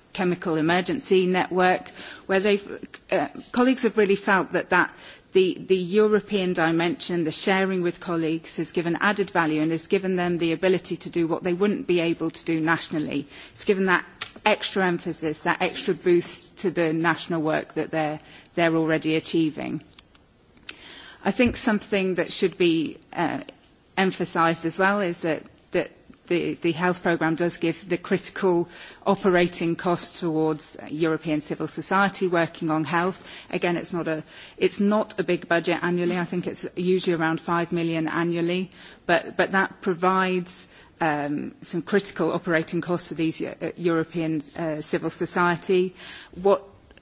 chemical emergency network, where they've, uh, colleagues have really felt that, that the, the European dimension, the sharing with colleagues has given added value and has given them the ability to do what they wouldn't be able to do nationally. It's given that extra emphasis, that extra boost to the national work that they're, they're already achieving. I think something that should be uh, emphasised as well is that the, the health programme does give the critical operating cost towards European civil society working on health. Again, it's not a, it's not a big budget annually. I think it's usually around 5 million annually, but, but that provides um, some critical operating costs for these European uh, civil society. What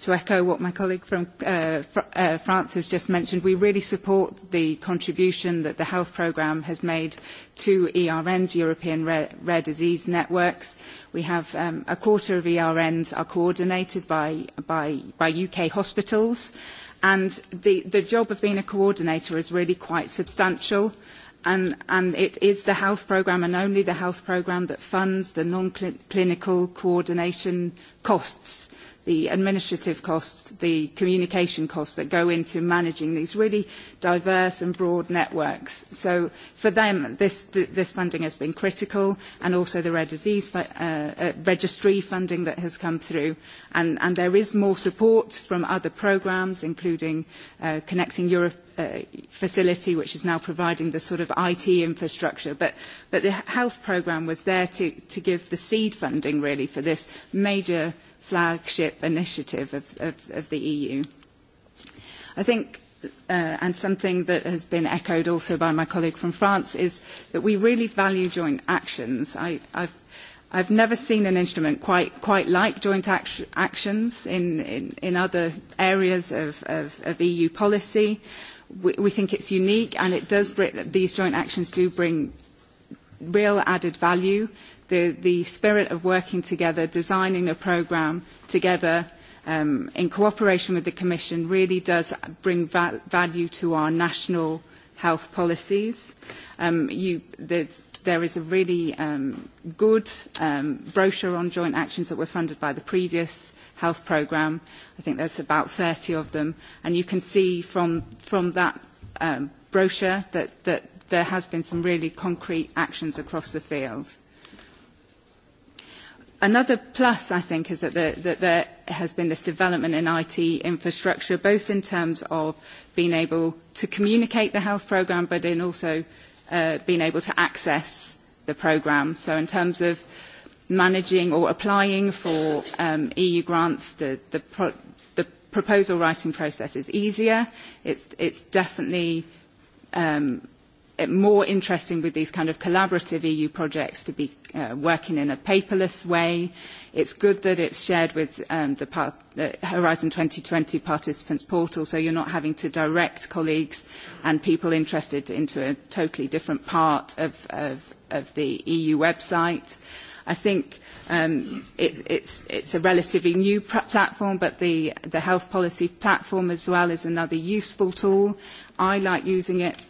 to echo what my colleague from France has just mentioned, we really support the contribution that the health programme has made to ERNs, European Rare, Disease Networks. We have a quarter of ERNs are coordinated by, UK hospitals, and the job of being a coordinator is really quite substantial and it is the health programme and only the health programme that funds the non-clinical coordination costs the administrative costs, the communication costs that go into managing these really diverse and broad networks. So for them, this, this funding has been critical, and also the rare disease registry funding that has come through. And, and there is more support from other programmes, including Connecting Europe facility which is now providing the sort of IT infrastructure. But, but the health programme was there to, to give the seed funding really for this major flagship initiative of, of, of the EU. I think and something that has been echoed also by my colleague from France, is that we really value joint actions. I, I've, I've never seen an instrument quite, quite like joint actions in, in, in other areas of, of, of EU policy. We, we think it's unique and it does bring, these joint actions do bring real added value the, the spirit of working together, designing a programme together um, in cooperation with the Commission really does bring va value to our national health policies. Um, you, the, there is a really um, good um, brochure on joint actions that were funded by the previous health programme. I think there's about 30 of them. And you can see from, from that um, brochure that, that there has been some really concrete actions across the field. Another plus, I think, is that, the, that there has been this development in IT infrastructure, both in terms of being able to communicate the health programme, but in also uh, being able to access the programme. So in terms of managing or applying for um, EU grants, the, the, pro the proposal writing process is easier. It's, it's definitely um, more interesting with these kind of collaborative EU projects to be uh, working in a paperless way. It's good that it's shared with um, the part, uh, Horizon 2020 participants portal, so you're not having to direct colleagues and people interested into a totally different part of, of, of the EU website. I think um, it, it's, it's a relatively new platform, but the, the health policy platform as well is another useful tool. I like using it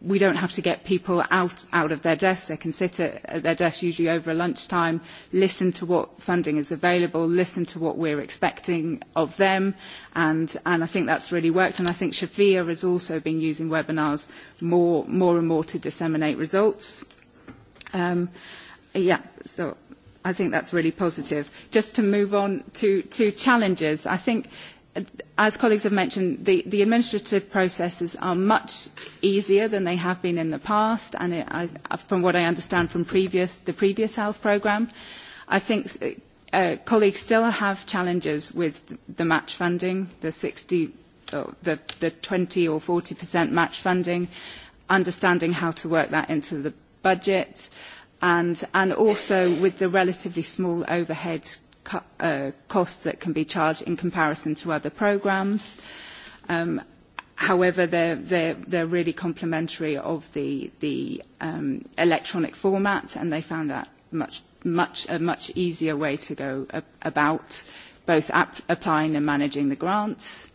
we don't have to get people out, out of their desks. They can sit at, at their desk usually over lunchtime, listen to what funding is available, listen to what we're expecting of them, and, and I think that's really worked. And I think Shafia has also been using webinars more, more and more to disseminate results. Um, yeah, so I think that's really positive. Just to move on to, to challenges, I think as colleagues have mentioned, the, the administrative processes are much easier than they have been in the past, and it, I, from what I understand from previous, the previous health programme, I think uh, colleagues still have challenges with the match funding, the 60, or the, the 20 or 40% match funding, understanding how to work that into the budget, and, and also with the relatively small overhead costs that can be charged in comparison to other programs. However, they're, they're, they're really complementary of the, the um, electronic format, and they found that much, much, a much easier way to go about both ap- applying and managing the grants.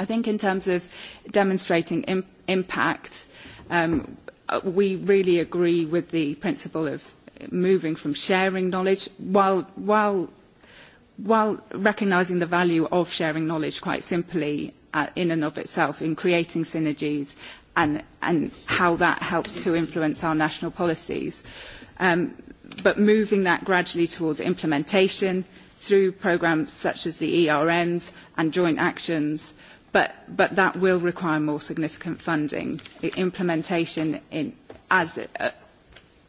I think in terms of demonstrating imp impact, um, we really agree with the principle of moving from sharing knowledge while, while, while recognising the value of sharing knowledge quite simply uh, in and of itself in creating synergies and, and how that helps to influence our national policies. Um, but moving that gradually towards implementation through programmes such as the ERNs and joint actions, but, but that will require more significant funding. Implementation in, as a,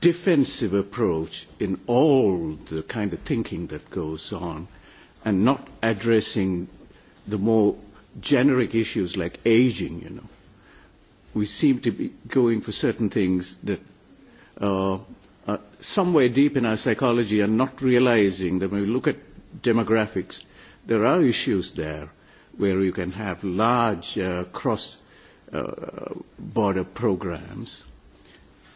defensive approach in all the kind of thinking that goes on and not addressing the more generic issues like aging, you know. We seem to be going for certain things that uh, are somewhere deep in our psychology and not realizing that when we look at demographics, there are issues there where you can have large uh, cross-border programs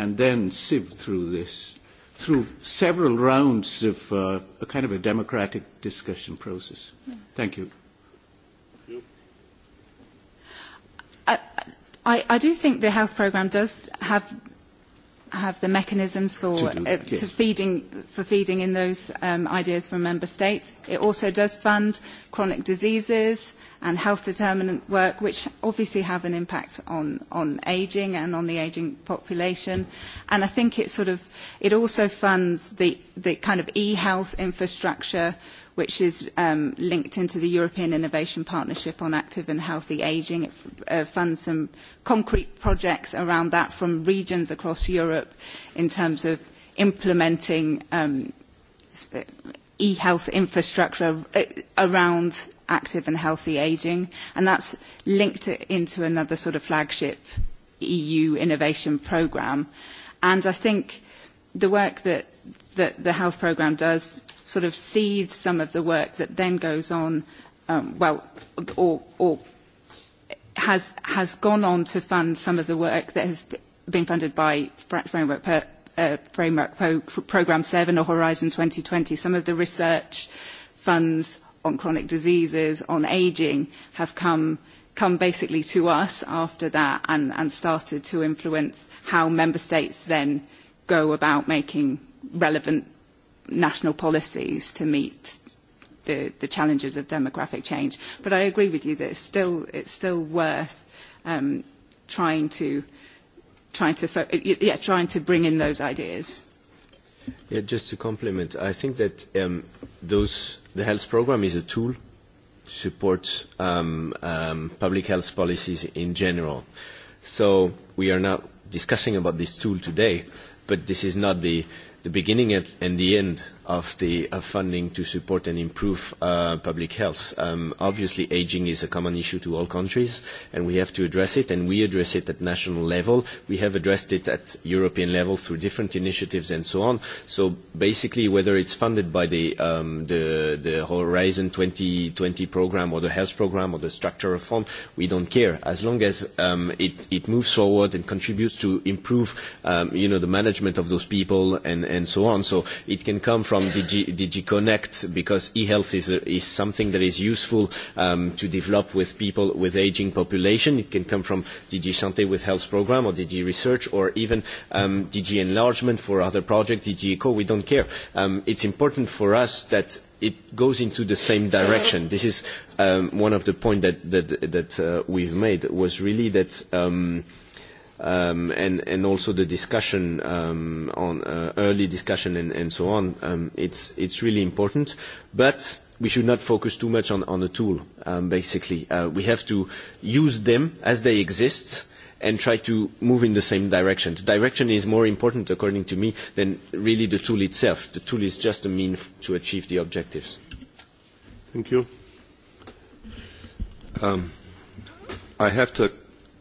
and then sieve through this through several rounds of uh, a kind of a democratic discussion process. Thank you. I, I, I do think the health program does have have the mechanisms for to, do, uh, yes. to feeding for feeding in those um, ideas from member states. It also does fund chronic diseases and health determinant work, which obviously have an impact on, on ageing and on the ageing population. And I think it sort of, it also funds the, the kind of e-health infrastructure, which is um, linked into the European Innovation Partnership on Active and Healthy Ageing. It uh, funds some concrete projects around that from regions across Europe in terms of implementing um, e-health infrastructure around active and healthy ageing, and that's linked into another sort of flagship EU innovation programme. And I think the work that, that the health programme does sort of seeds some of the work that then goes on, um, well, or, or has, has gone on to fund some of the work that has been funded by Framework per, uh, framework pro, Programme 7 or Horizon 2020, some of the research funds on chronic diseases, on ageing, have come come basically to us after that and, and started to influence how member states then go about making relevant national policies to meet the, the challenges of demographic change. But I agree with you that it's still, it's still worth um, trying to trying to fo- yeah trying to bring in those ideas. Yeah, just to complement, I think that um, those The health program is a tool to support um, um, public health policies in general. So we are not discussing about this tool today, but this is not the, the beginning and the end of the of funding to support and improve uh, public health. Um, obviously, aging is a common issue to all countries, and we have to address it, and we address it at national level. We have addressed it at European level through different initiatives and so on. So basically, whether it's funded by the, um, the, the Horizon 2020 program or the health program or the structure reform, we don't care. As long as um, it, it moves forward and contributes to improve um, you know, the management of those people and, and so on. So it can come from from DG, DG Connect because e-health is, a, is something that is useful um, to develop with people with aging population. It can come from DG Santé with health program or DG Research or even um, DG Enlargement for other projects, DG Eco, we don't care. Um, it's important for us that it goes into the same direction. This is um, one of the points that, that, that uh, we've made was really that um, – um, and and also the discussion um, on uh, early discussion and, and so on. Um, it's it's really important, but we should not focus too much on on the tool. Um, basically, uh, we have to use them as they exist and try to move in the same direction. The direction is more important, according to me, than really the tool itself. The tool is just a means to achieve the objectives. Thank you. Um, I have to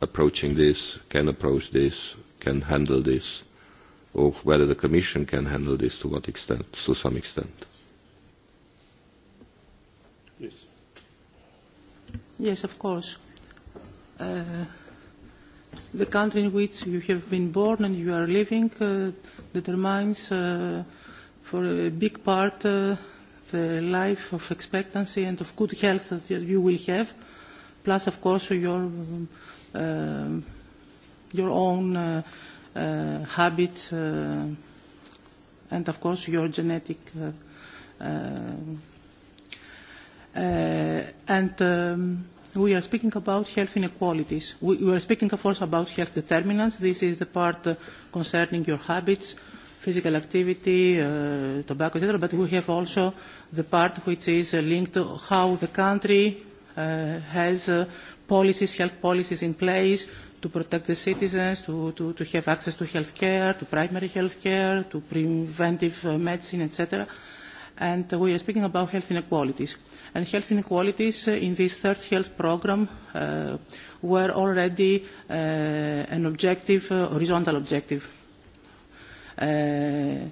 approaching this, can approach this, can handle this, or whether the Commission can handle this to what extent, to some extent. Yes. Yes, of course. Uh, the country in which you have been born and you are living uh, determines uh, for a big part uh, the life of expectancy and of good health that you will have, plus, of course, your um, uh your own uh, uh, habits, uh, and of course your genetic. Uh, uh, uh, and um, we are speaking about health inequalities. We, we are speaking, of course, about health determinants. This is the part uh, concerning your habits, physical activity, uh, tobacco, etc. But we have also the part which is uh, linked to how the country uh, has uh, policies, health policies in place to protect the citizens, to, to, to have access to health care, to primary health care, to preventive medicine, etc. And we are speaking about health inequalities. And health inequalities in this third health program uh, were already uh, an objective, uh, horizontal objective. Uh,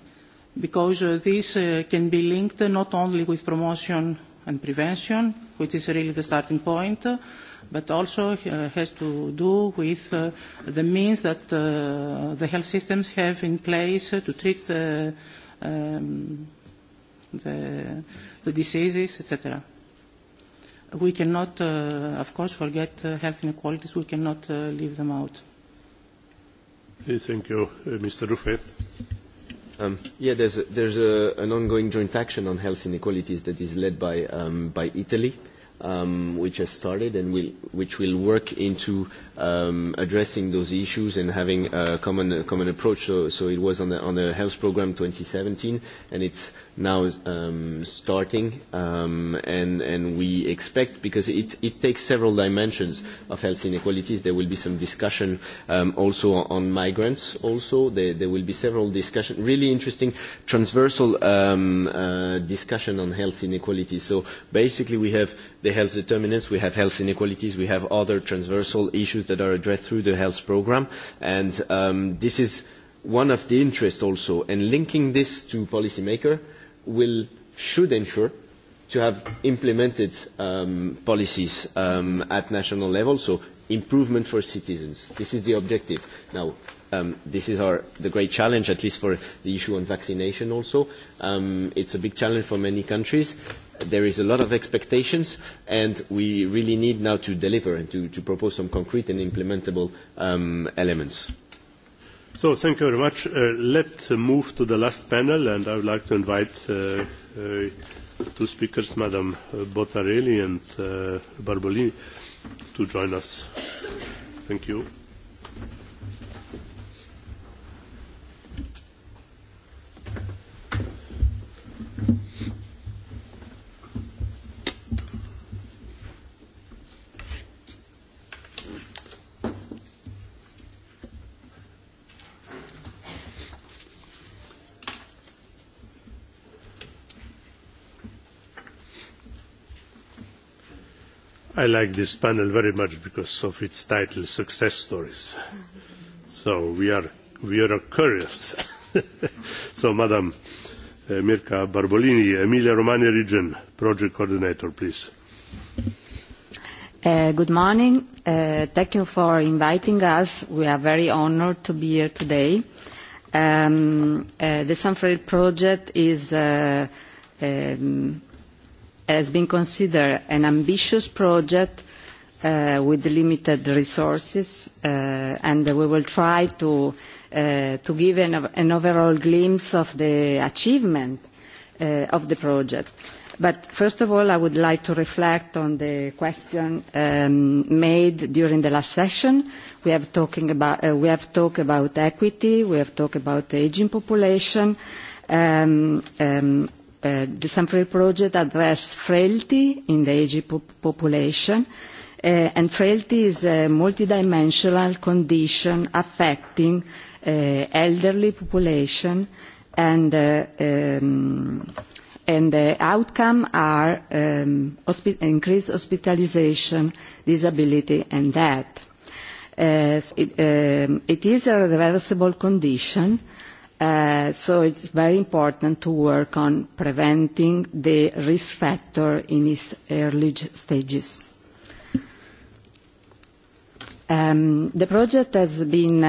because uh, this uh, can be linked not only with promotion and prevention, which is really the starting point, uh, but also uh, has to do with uh, the means that uh, the health systems have in place to treat the, um, the, the diseases, etc. We cannot, uh, of course, forget uh, health inequalities. We cannot uh, leave them out. Thank you. Uh, Mr. Ruffet. Um, yeah, there's, a, there's a, an ongoing joint action on health inequalities that is led by, um, by Italy um, which has started and will, which will work into um, addressing those issues and having a common, a common approach. So, so it was on the, on the health program 2017, and it's now um, starting, um, and, and we expect, because it, it takes several dimensions of health inequalities, there will be some discussion um, also on migrants also, there, there will be several discussion, really interesting transversal um, uh, discussion on health inequalities. So basically we have the health determinants, we have health inequalities, we have other transversal issues that are addressed through the health program, and um, this is one of the interest also, and linking this to policymaker, will should ensure to have implemented um, policies um, at national level, so improvement for citizens. This is the objective. Now, um, this is our, the great challenge, at least for the issue on vaccination also. Um, it's a big challenge for many countries. There is a lot of expectations, and we really need now to deliver and to, to propose some concrete and implementable um, elements thank you very much. Let's move to the last panel, and I would like to invite two speakers, Madam Bottarelli and Barbolini, to join us. Thank you. I like this panel very much because of its title, Success Stories. So we are, we are curious. so, Madam Mirka Barbolini, Emilia-Romagna region, project coordinator, please. good morning. thank you for inviting us. We are very honored to be here today. the Sanfrail project is has been considered an ambitious project with limited resources, and we will try to give an overall glimpse of the achievement of the project. But first of all, I would like to reflect on the question made during the last session. We have talked about equity, we have talked about the aging population, um, the Sanfrail project addressed frailty in the aging population, and frailty is a multidimensional condition affecting elderly population, and the outcome are increased hospitalisation, disability, and death. It is a reversible condition, so it's very important to work on preventing the risk factor in its early stages. the project has been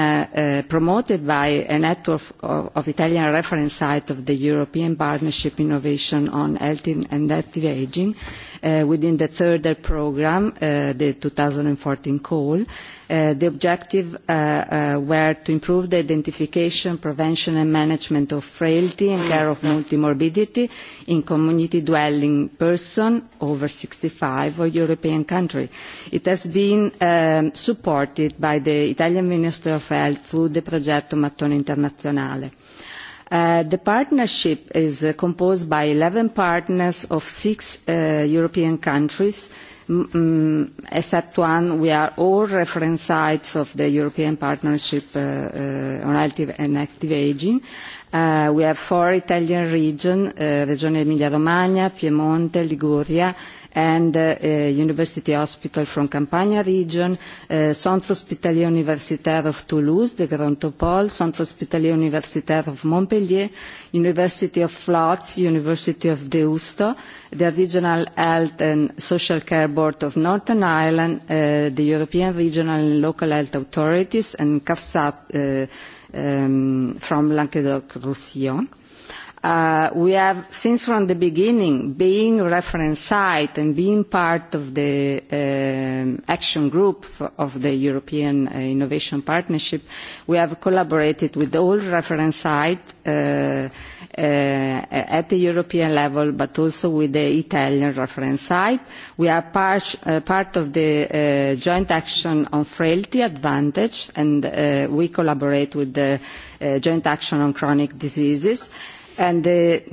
promoted by a network of, Italian reference sites of the European Partnership Innovation on Health and Active Aging, within the third programme, the 2014 call. The objective were to improve the identification, prevention, and management of frailty and care of multimorbidity in community-dwelling person over 65 or European country. It has been supported by the Italian Ministry of Health through the Progetto Mattone Internazionale the partnership is composed by eleven partners of six European countries, except one, we are all reference sites of the European Partnership on Active and Active Aging. we have four Italian regions, Regione Emilia-Romagna, Piemonte, Liguria, and University Hospital from Campania region, Centre Hospitalier Universitaire of Toulouse, the Grantopole, Centre Hospitalier Universitaire of Montpellier, University of Flots, University of Deusto, the Regional Health and Social Care Board of Northern Ireland, the European Regional and Local Health Authorities, and CARSAT from Languedoc-Roussillon we have, since from the beginning, being a reference site and being part of the action group of the European Innovation Partnership, we have collaborated with all reference sites at the European level, but also with the Italian reference site. We are part of the joint action on frailty advantage, and we collaborate with the joint action on chronic diseases and the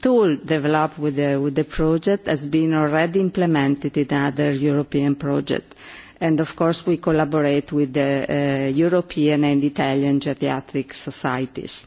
tool developed with the, with the project has been already implemented in other European projects. And of course, we collaborate with the European and Italian geriatric societies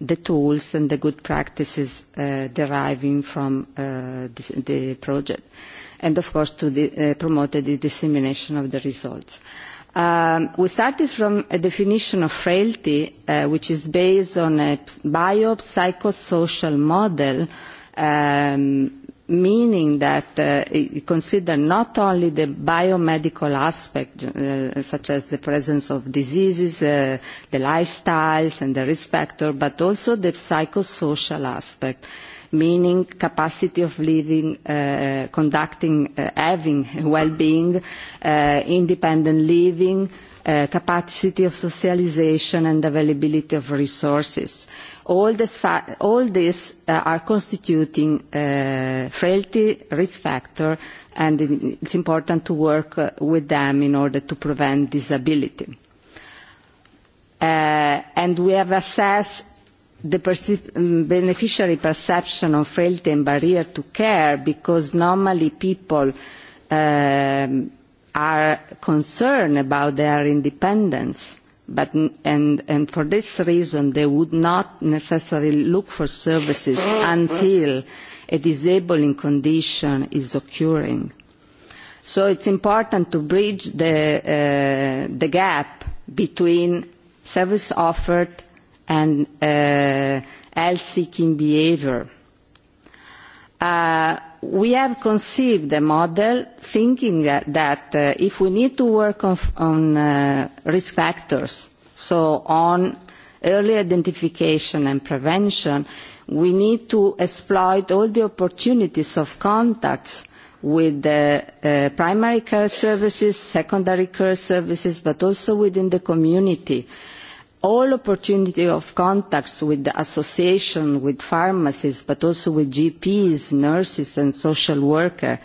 the tools and the good practices uh, deriving from uh, this, the project, and of course to the, uh, promote the dissemination of the results. Um, we started from a definition of frailty, uh, which is based on a biopsychosocial model um, meaning that uh, consider not only the biomedical aspect, uh, such as the presence of diseases, uh, the lifestyles and the risk factor, but also the psychosocial aspect, meaning capacity of living, uh, conducting, uh, having well-being, uh, independent living, uh, capacity of socialization and availability of resources. Uh, All, this fa- all these uh, are constituting uh, frailty risk factor, and it's important to work uh, with them in order to prevent disability. Uh, and we have assessed the perce- beneficiary perception of frailty and barrier to care because normally people um, are concerned about their independence but and and for this reason they would not necessarily look for services until a disabling condition is occurring so it's important to bridge the uh, the gap between service offered and uh, health seeking behavior uh, we have conceived a model thinking that if we need to work on, risk factors, so on early identification and prevention, we need to exploit all the opportunities of contacts with the primary care services, secondary care services, but also within the community all opportunity of contacts with the association, with pharmacists, but also with GPs, nurses and social workers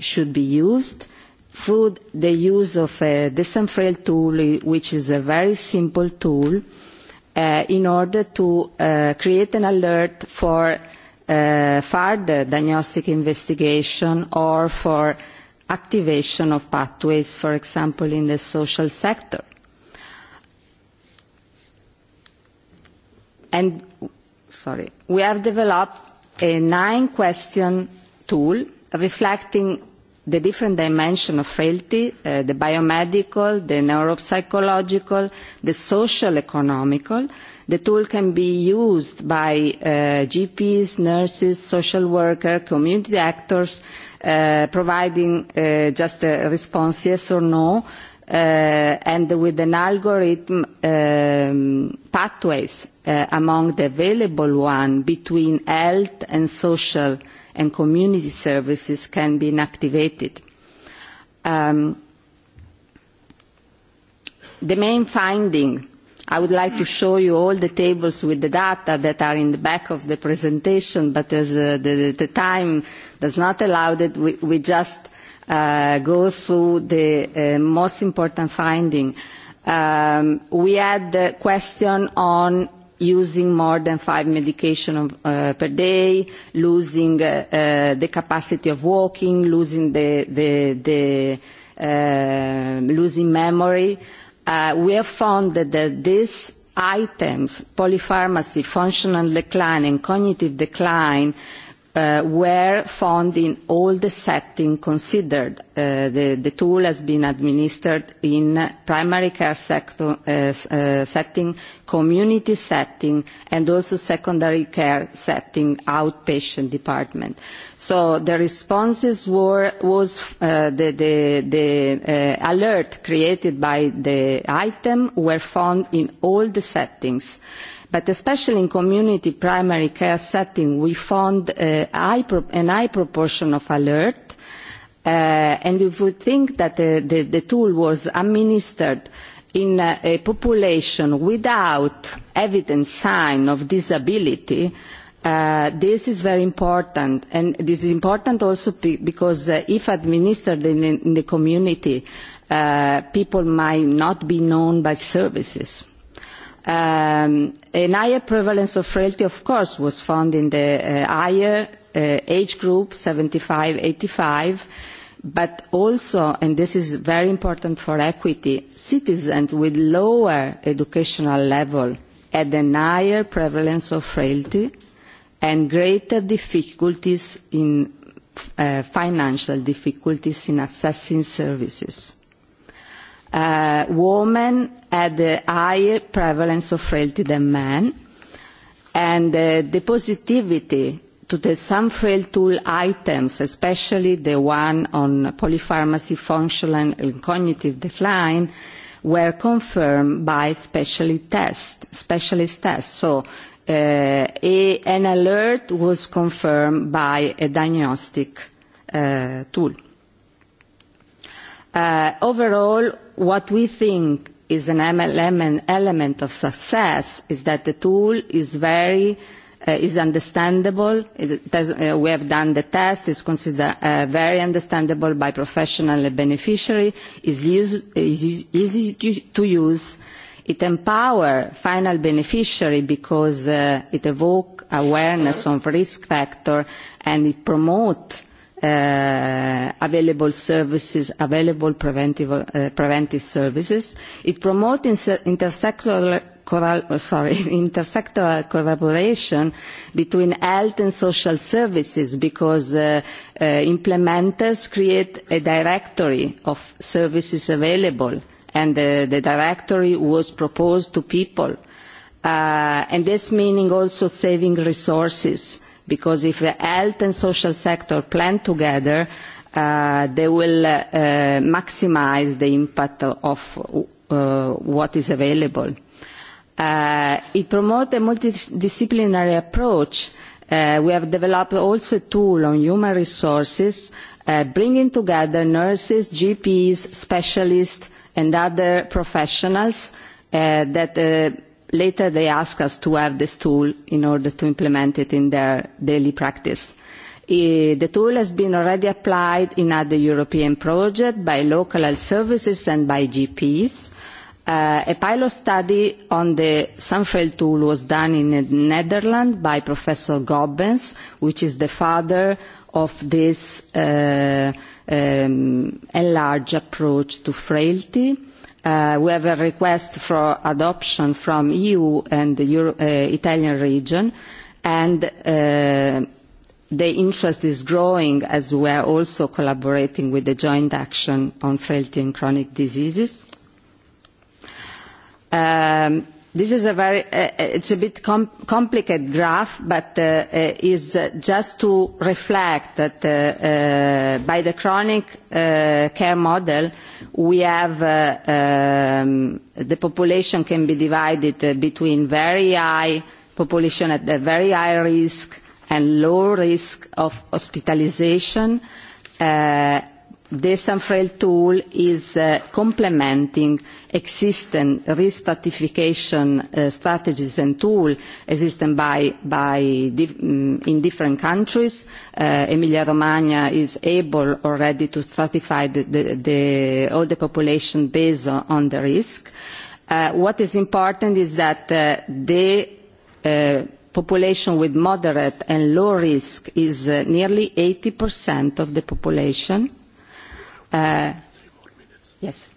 should be used. Food, the use of a frail tool, which is a very simple tool, in order to create an alert for further diagnostic investigation or for activation of pathways, for example, in the social sector and sorry, we have developed a nine-question tool reflecting the different dimensions of frailty, the biomedical, the neuropsychological, the social economical. The tool can be used by GPs, nurses, social workers, community actors, providing just a response yes or no, and with an algorithm pathways among the available one between health and social and community services can be inactivated. the main finding, I would like to show you all the tables with the data that are in the back of the presentation, but as the, the time does not allow that, we, we just uh, go through the uh, most important finding. Um, we had the question on using more than five medications uh, per day, losing uh, uh, the capacity of walking, losing the, the, the uh, losing memory. Uh, we have found that, that these items, polypharmacy, functional decline and cognitive decline, were found in all the settings considered. the, tool has been administered in primary care sector, setting community setting, and also secondary care setting, outpatient department. So the responses were, was uh, the, the, the uh, alert created by the item were found in all the settings but especially in community primary care setting we found uh, high proportion of alert and if we think that the the the, tool was administered in a population without evident sign of disability, this is very important. And this is important also because if administered in, the community, people might not be known by services. Um, an higher prevalence of frailty, of course, was found in the higher age group, seventy five eighty five but also, and this is very important for equity, citizens with lower educational level had a higher prevalence of frailty and greater difficulties in uh, financial difficulties in accessing services. Uh, women had a higher prevalence of frailty than men, and uh, the positivity to the some frail tool items, especially the one on polypharmacy functional and cognitive decline, were confirmed by specialist tests. Specialist tests. So an alert was confirmed by a diagnostic tool. overall, what we think is an element of success is that the tool is very is understandable. It has, uh, we have done the test. It's considered uh, very understandable by professional and beneficiary. Is use, is easy to, to use. It empowers final beneficiary because uh, it evokes awareness of risk factor and it promotes uh, available services, available preventive, uh, preventive services. It promotes intersectoral sorry, intersectoral collaboration between health and social services because implementers create a directory of services available and the directory was proposed to people. and this meaning also saving resources because if the health and social sector plan together, they will maximise the impact of what is available it promotes a multidisciplinary approach. we have developed also a tool on human resources, bringing together nurses, GPs, specialists, and other professionals that later they ask us to have this tool in order to implement it in their daily practice. The tool has been already applied in other European projects by local health services and by GPs a pilot study on the Sanfrail tool was done in the Netherlands by Professor Gobbens, which is the father of this enlarged approach to frailty. we have a request for adoption from EU and the Italian region, and the interest is growing as we are also collaborating with the Joint Action on Frailty and Chronic Diseases this is a very, uh, it's a bit com complicated graph, but uh, uh, is just to reflect that uh, uh, by the chronic uh, care model, we have uh, um, the population can be divided uh, between very high population at a very high risk and low risk of hospitalization. Uh, this MFREL tool is complementing existing risk stratification strategies and tools existing in different countries. Emilia-Romagna is able already to stratify all the population based on the risk. What is important is that the population with moderate and low risk is nearly 80% of the population, Yes.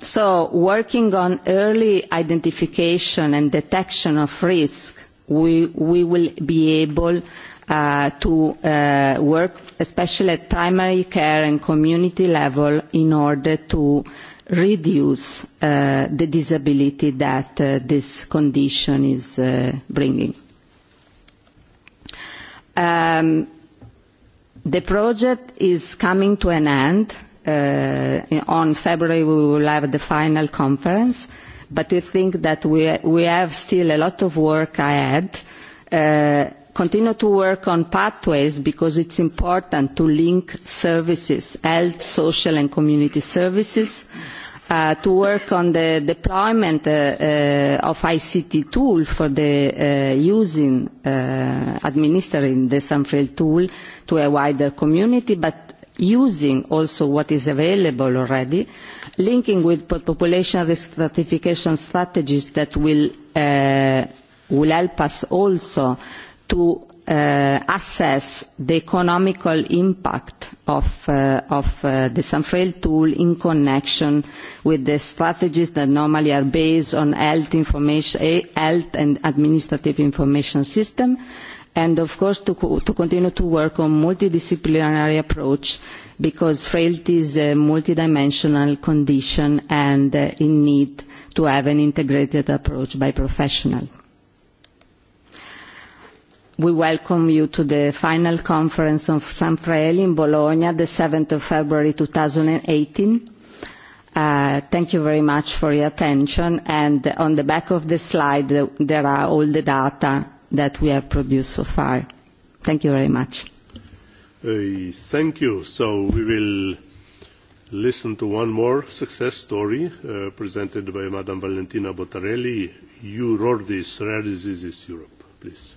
so working on early identification and detection of risk, we, we will be able uh, to uh, work especially at primary care and community level in order to reduce uh, the disability that uh, this condition is uh, bringing. Um, The project is coming to an end. On February, we will have the final conference, but we think that we have still a lot of work ahead. Continue to work on pathways because it's important to link services, health, social, and community services, to work on the deployment uh, uh, of ICT tool for the uh, using, uh, administering the Sunfield tool to a wider community, but using also what is available already, linking with population risk stratification strategies that will, uh, will help us also to assess the economical impact of, the Sanfrail tool in connection with the strategies that normally are based on health, information, health and administrative information system, and of course to, to continue to work on multidisciplinary approach because frailty is a multidimensional condition and in need to have an integrated approach by professionals. We welcome you to the final conference of San Fraeli in Bologna, the 7th of February 2018. Uh, thank you very much for your attention. And on the back of the slide, there are all the data that we have produced so far. Thank you very much. Uh, thank you. So we will listen to one more success story uh, presented by Madame Valentina Bottarelli, Eurordis, Rare Diseases Europe. Please.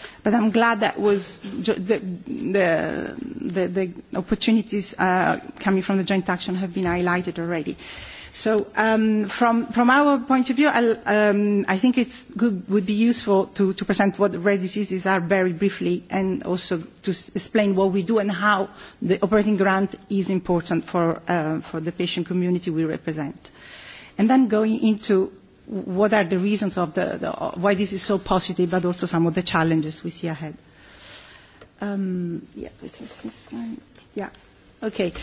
But I'm glad that was the, the, the, the opportunities uh, coming from the joint action have been highlighted already. So um, from, from our point of view, I'll, um, I think it would be useful to, to present what rare diseases are very briefly and also to s explain what we do and how the operating grant is important for, uh, for the patient community we represent. And then going into what are the reasons of the, the why this is so positive, but also some of the challenges we see ahead. Um, yeah, this is Yeah. Okay.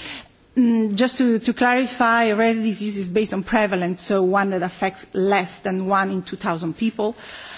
Just to, to clarify, rare disease is based on prevalence, so one that affects less than one in 2,000 people. Uh,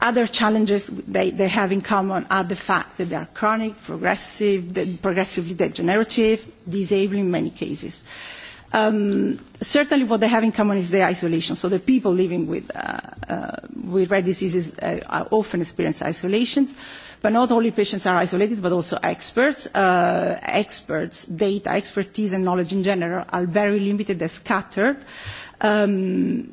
Other challenges they, they have in common are the fact that they are chronic, progressive, progressively degenerative, disabling in many cases. Um, certainly what they have in common is their isolation. So the people living with, uh, uh, with rare diseases uh, often experience isolation. But not only patients are isolated, but also experts. Uh, experts, data, expertise, and knowledge in general are very limited, they're scattered. Um,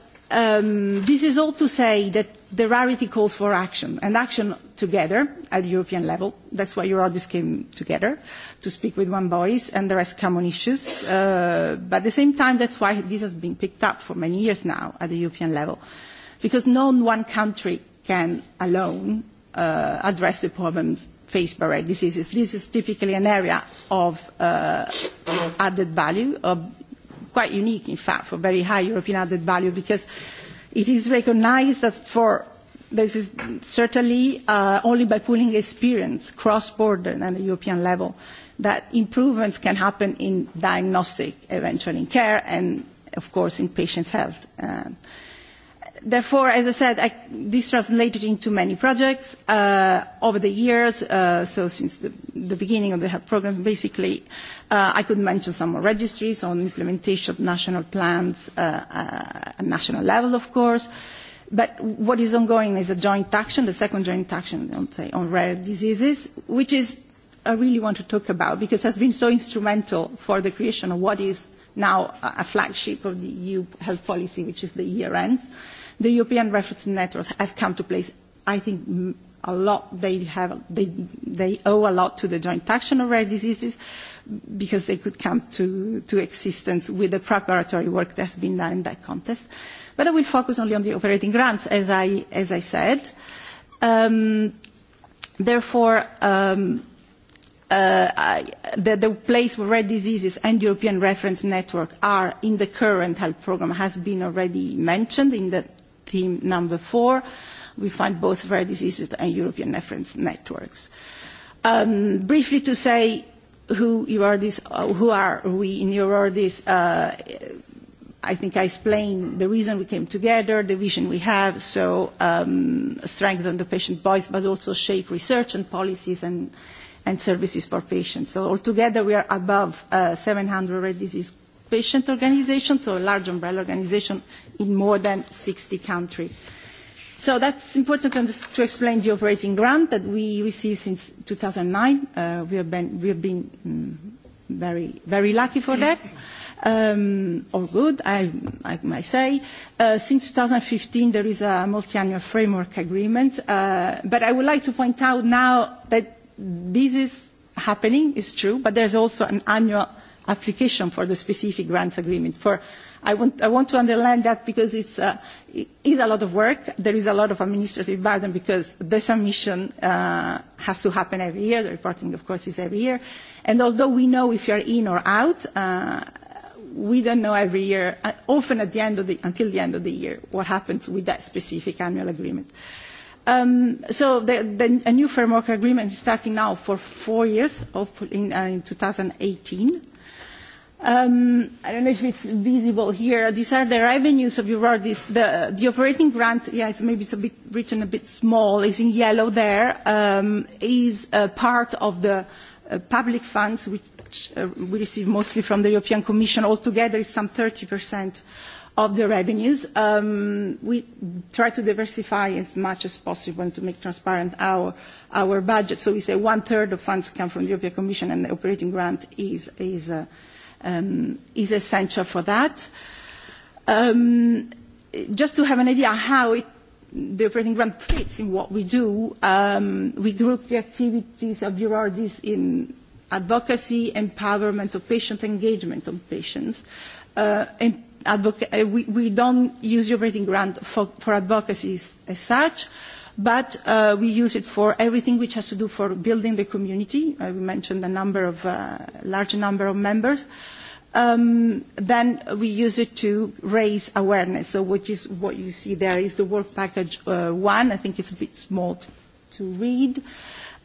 this is all to say that the rarity calls for action, and action together at European level. That's why Eurodis came together, to speak with one voice and the rest common issues. Uh, but at the same time, that's why this has been picked up for many years now at the European level, because no one country can alone uh, address the problems faced by rare diseases. This is typically an area of uh, added value, of quite unique, in fact, for very high European added value because it is recognized that for this is certainly uh, only by pooling experience cross-border and at the European level that improvements can happen in diagnostic, eventually in care, and of course in patient health. Um, Therefore, as I said, I, this translated into many projects uh, over the years. Uh, so since the, the beginning of the health programs, basically, uh, I could mention some more registries on implementation of national plans uh, at national level, of course. But what is ongoing is a joint action, the second joint action, say, on rare diseases, which is I really want to talk about because it has been so instrumental for the creation of what is now a flagship of the EU health policy, which is the year ends The European reference networks have come to place, I think, a lot. They have they they owe a lot to the joint action of rare diseases because they could come to to existence with the preparatory work that's been done in that context. But I will focus only on the operating grants, as I as I said. Um, therefore. Um, uh, the, the place where rare diseases and European reference network are in the current health program has been already mentioned in the theme number four. We find both rare diseases and European reference networks. Um, briefly to say who you are, this, uh, who are we in Eurordis, uh, I think I explained the reason we came together, the vision we have, so um, strengthen the patient voice, but also shape research and policies and, and services for patients. So altogether we are above uh, 700 rare disease patient organization, so a large umbrella organization in more than 60 countries. So that's important to explain the operating grant that we received since 2009. Uh, we have been, we have been very, very lucky for that, um, or good, I, I might say. Uh, since 2015, there is a multi-annual framework agreement. Uh, but I would like to point out now that this is happening, it's true, but there's also an annual application for the specific grants agreement. For I want, I want to underline that because it's, uh, it is a lot of work. There is a lot of administrative burden because the submission uh, has to happen every year. The reporting, of course, is every year. And although we know if you are in or out, uh, we don't know every year, uh, often at the end of the, until the end of the year, what happens with that specific annual agreement. Um, so the, the, a new framework agreement is starting now for four years, hopefully in, uh, in 2018 I don't know if it's visible here. These are the revenues of Euror. the, the operating grant, yeah, it's, maybe it's a bit written a bit small. It's in yellow there. is a part of the public funds which uh, we receive mostly from the European Commission. Altogether, it's some 30% of the revenues. Um, we try to diversify as much as possible and to make transparent our our budget. So we say one third of funds come from the European Commission, and the operating grant is is. Uh, um, is essential for that. Um, just to have an idea how it, the operating grant fits in what we do, um, we group the activities of urologists in advocacy, empowerment of patient engagement of patients. Uh, and advoca- we, we don't use the operating grant for, for advocacy as such but uh, we use it for everything which has to do for building the community. I mentioned the number of, uh, large number of members. Um, then we use it to raise awareness. So which is what you see there is the work package uh, one. I think it's a bit small to read.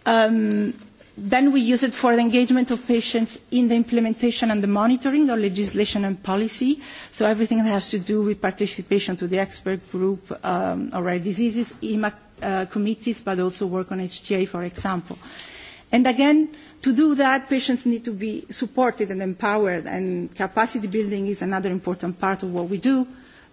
Um, then we use it for the engagement of patients in the implementation and the monitoring of legislation and policy. So everything that has to do with participation to the expert group um, on rare diseases, IMAC uh, committees, but also work on HTA, for example. And again, to do that, patients need to be supported and empowered, and capacity building is another important part of what we do.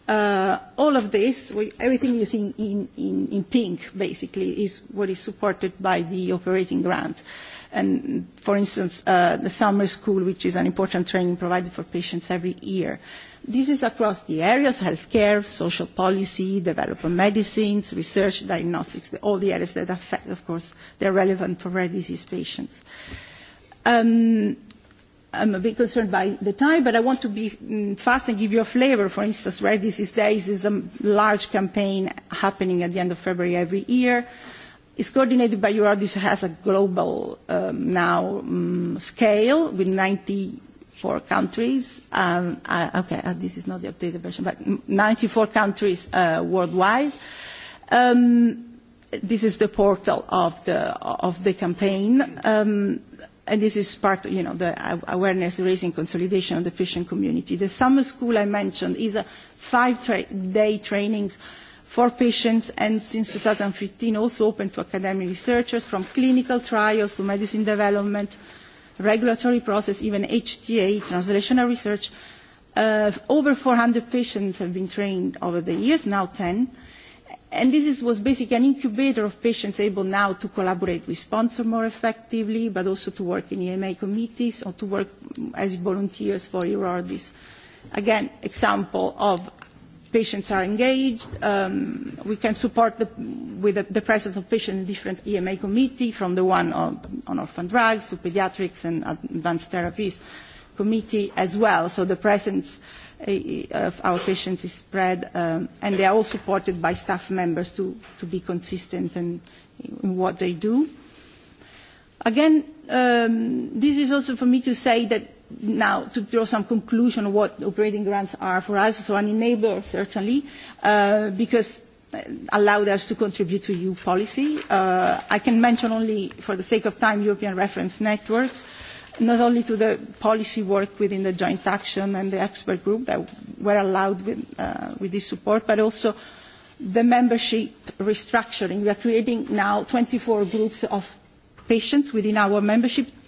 Uh, all of this, we, everything you see in, in, in pink, basically, is what is supported by the operating grant. And for instance, uh, the summer school, which is an important training provided for patients every year. Uh, This is across the areas, healthcare, social policy, development medicines, research, diagnostics, all the areas that affect, of course, they're relevant for rare disease patients. Um, I'm a bit concerned by the time, but I want to be fast and give you a flavor. For instance, Rare Disease Days is a large campaign happening at the end of February every year. It's coordinated by URDIS, has a global um, now um, scale with 90 94 countries. Um, okay, uh, this is not the updated version, but 94 countries uh, worldwide. Um, this is the portal of the of the campaign. Um, and this is part, you know, the awareness raising consolidation of the patient community. The summer school I mentioned is a five-day trainings for patients and since 2015 also open to academic researchers from clinical trials to medicine development regulatory process, even HTA, translational research. Uh, over 400 patients have been trained over the years, now 10. And this is, was basically an incubator of patients able now to collaborate with sponsors more effectively, but also to work in EMA committees or to work as volunteers for EURORDIS. Again, example of patients are engaged. Um, we can support the, with the, the presence of patients in different EMA committee, from the one on, on orphan drugs to pediatrics and advanced therapies committee as well. So the presence of our patients is spread, um, and they are all supported by staff members to, to be consistent in, in what they do. Again, um, this is also for me to say that now to draw some conclusion on what operating grants are for us, so an enabler certainly, uh, because allowed us to contribute to EU policy. Uh, I can mention only, for the sake of time, European reference networks, not only to the policy work within the joint action and the expert group that were allowed with, uh, with this support, but also the membership restructuring. We are creating now 24 groups of patients within our membership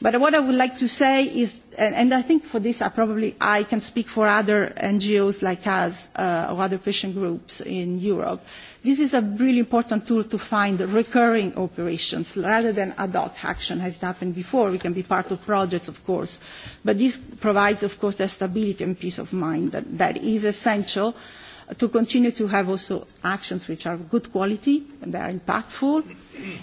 But what I would like to say is, and, and I think for this I probably I can speak for other NGOs like us uh, or other patient groups in Europe, this is a really important tool to find recurring operations rather than ad hoc action as happened before. We can be part of projects, of course, but this provides, of course, the stability and peace of mind that, that is essential to continue to have also actions which are of good quality and they are impactful,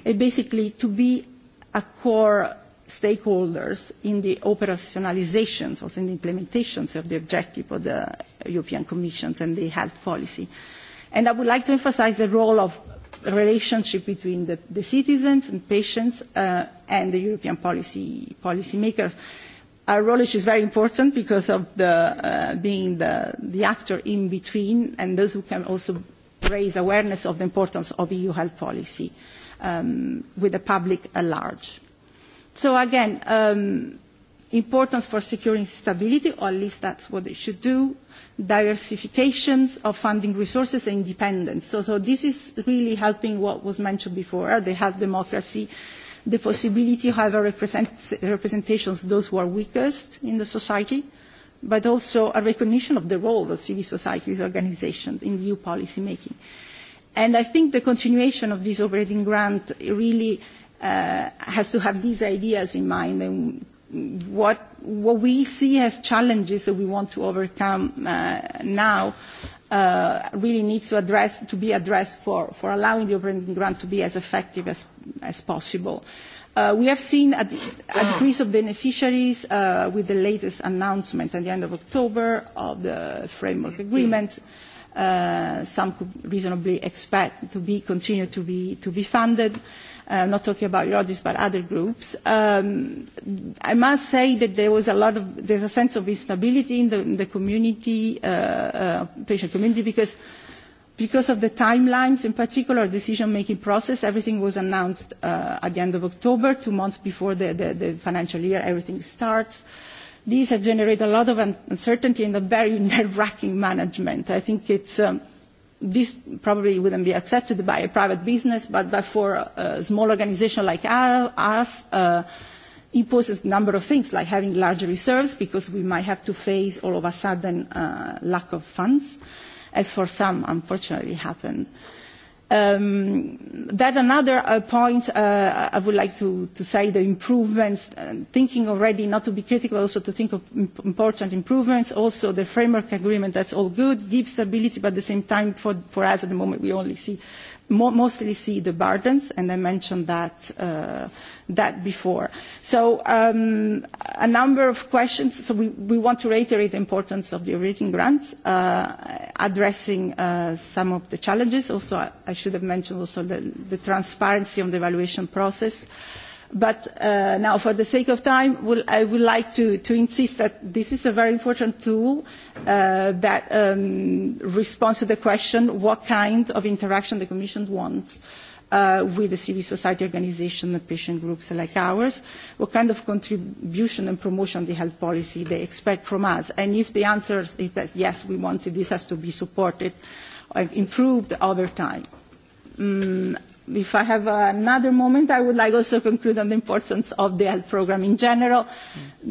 and basically to be a core stakeholders in the operationalizations, also in the implementations of the objective of the European Commission and the health policy. And I would like to emphasize the role of the relationship between the, the citizens and patients uh, and the European policy policymakers. Our role is very important because of the, uh, being the, the actor in between and those who can also raise awareness of the importance of EU health policy um, with the public at large. So again, um, importance for securing stability, or at least that's what they should do, diversifications of funding resources and independence. So, so this is really helping what was mentioned before, the health democracy, the possibility of having represent, representations of those who are weakest in the society, but also a recognition of the role of civil society organisations in EU policy making. And I think the continuation of this operating grant really uh, has to have these ideas in mind and what what we see as challenges that we want to overcome uh, now uh, really needs to address to be addressed for, for allowing the operating grant to be as effective as, as possible. Uh, we have seen a, a decrease of beneficiaries uh, with the latest announcement at the end of October of the framework agreement. Uh, some could reasonably expect to be continue to be to be funded. Uh, I'm not talking about Rodis, but other groups. Um, I must say that there was a lot of, there's a sense of instability in the, in the community, uh, uh, patient community, because because of the timelines, in particular, decision-making process, everything was announced uh, at the end of October, two months before the, the, the financial year, everything starts. These has generated a lot of uncertainty and a very nerve-wracking management. I think it's, um, this probably wouldn't be accepted by a private business, but, but for a small organization like us, uh, it poses a number of things, like having large reserves, because we might have to face all of a sudden uh, lack of funds, as for some unfortunately happened. Uh, Um, another uh, point uh, I would like to, to say the improvements, thinking already not to be critical, also to think of important improvements. Also the framework agreement, that's all good, gives stability, but at the same time for, for us at the moment we only see mostly see the burdens, and I mentioned that uh, that before. So um, a number of questions. So we, we want to reiterate the importance of the origin grants, uh, addressing uh, some of the challenges. Also, I, I should have mentioned also the, the transparency on the evaluation process. Uh, But uh, now, for the sake of time, I would like to, to insist that this is a very important tool uh, that um, responds to the question what kind of interaction the Commission wants uh, with the civil society organization and patient groups like ours, what kind of contribution and promotion of the health policy they expect from us. And if the answer is that yes, we want it, this has to be supported and improved over time. Um, if I have another moment, I would like also to conclude on the importance of the health program in general,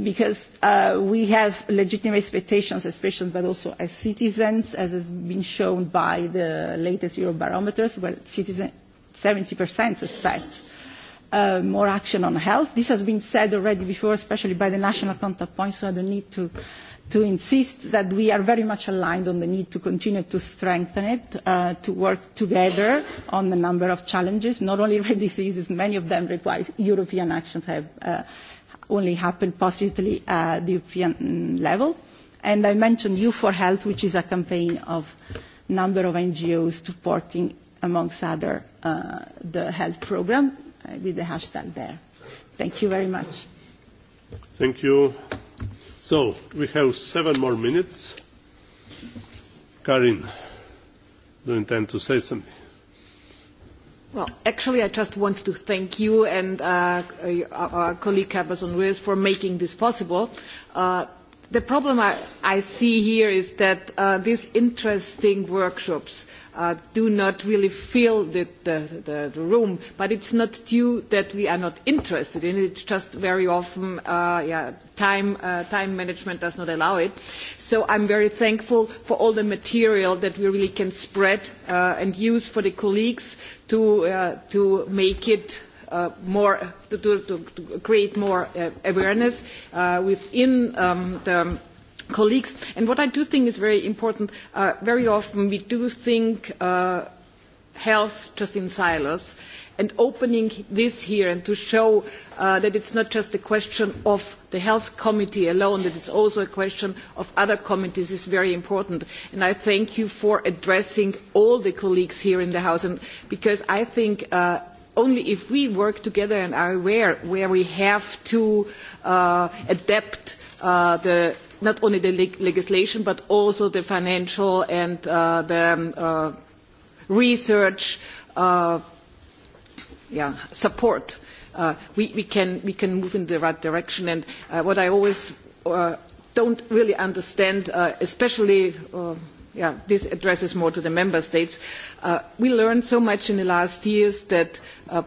because uh, we have legitimate expectations as patients, but also as citizens, as has been shown by the latest Eurobarometers, where citizens 70% suspect uh, more action on health. This has been said already before, especially by the national contact points, so I don't need to to insist that we are very much aligned on the need to continue to strengthen it, uh, to work together on the number of challenges, not only rare diseases, many of them require European action to have uh, only happened positively at the European level. And I mentioned You for Health, which is a campaign of a number of NGOs supporting, amongst other, uh, the health program with the hashtag there. Thank you very much. Thank you. So we have seven more minutes. Karin, do you intend to say something? Well, actually, I just want to thank you and our colleague Cabazon Ruiz for making this possible. Uh, The problem I, I see here is that uh, these interesting workshops uh, do not really fill the, the, the, room, but it's not due that we are not interested in it. It's just very often uh, yeah, time, uh, time management does not allow it. So I'm very thankful for all the material that we really can spread uh, and use for the colleagues to, uh, to make it more to, to, to create more uh, awareness uh, within um, the colleagues. And what I do think is very important, uh, very often we do think uh, health just in silos. And opening this here and to show uh, that it's not just a question of the health committee alone, that it's also a question of other committees is very important. And I thank you for addressing all the colleagues here in the House, and because I think uh, only if we work together and are aware where we have to adapt the not only the legislation but also the financial and the research support. we, can, we can move in the right direction. And what I always uh, don't really understand, especially yeah, this addresses more to the member states. we learned so much in the last years that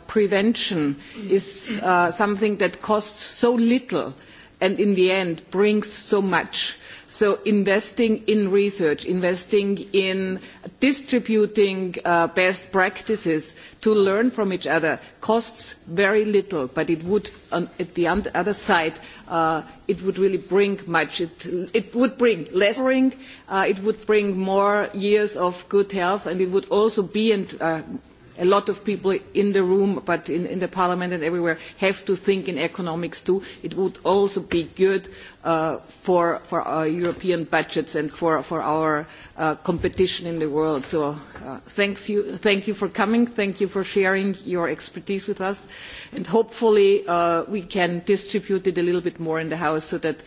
prevention is something that costs so little and in the end brings so much So investing in research, investing in distributing best practices to learn from each other costs very little, but it would, on, at the other side, it would really bring much. It, would bring less uh it would bring more years of good health, and it would also be, and a lot of people in the room, but in, in the parliament and everywhere, have to think in economics too. It would also be good for, for our European budgets and for, for our competition in the world. So thanks you, thank you for coming. Thank you for sharing your expertise with us. And hopefully we can distribute it a little bit more in the House so that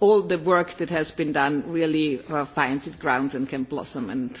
all the work that has been done really finds its grounds and can blossom. And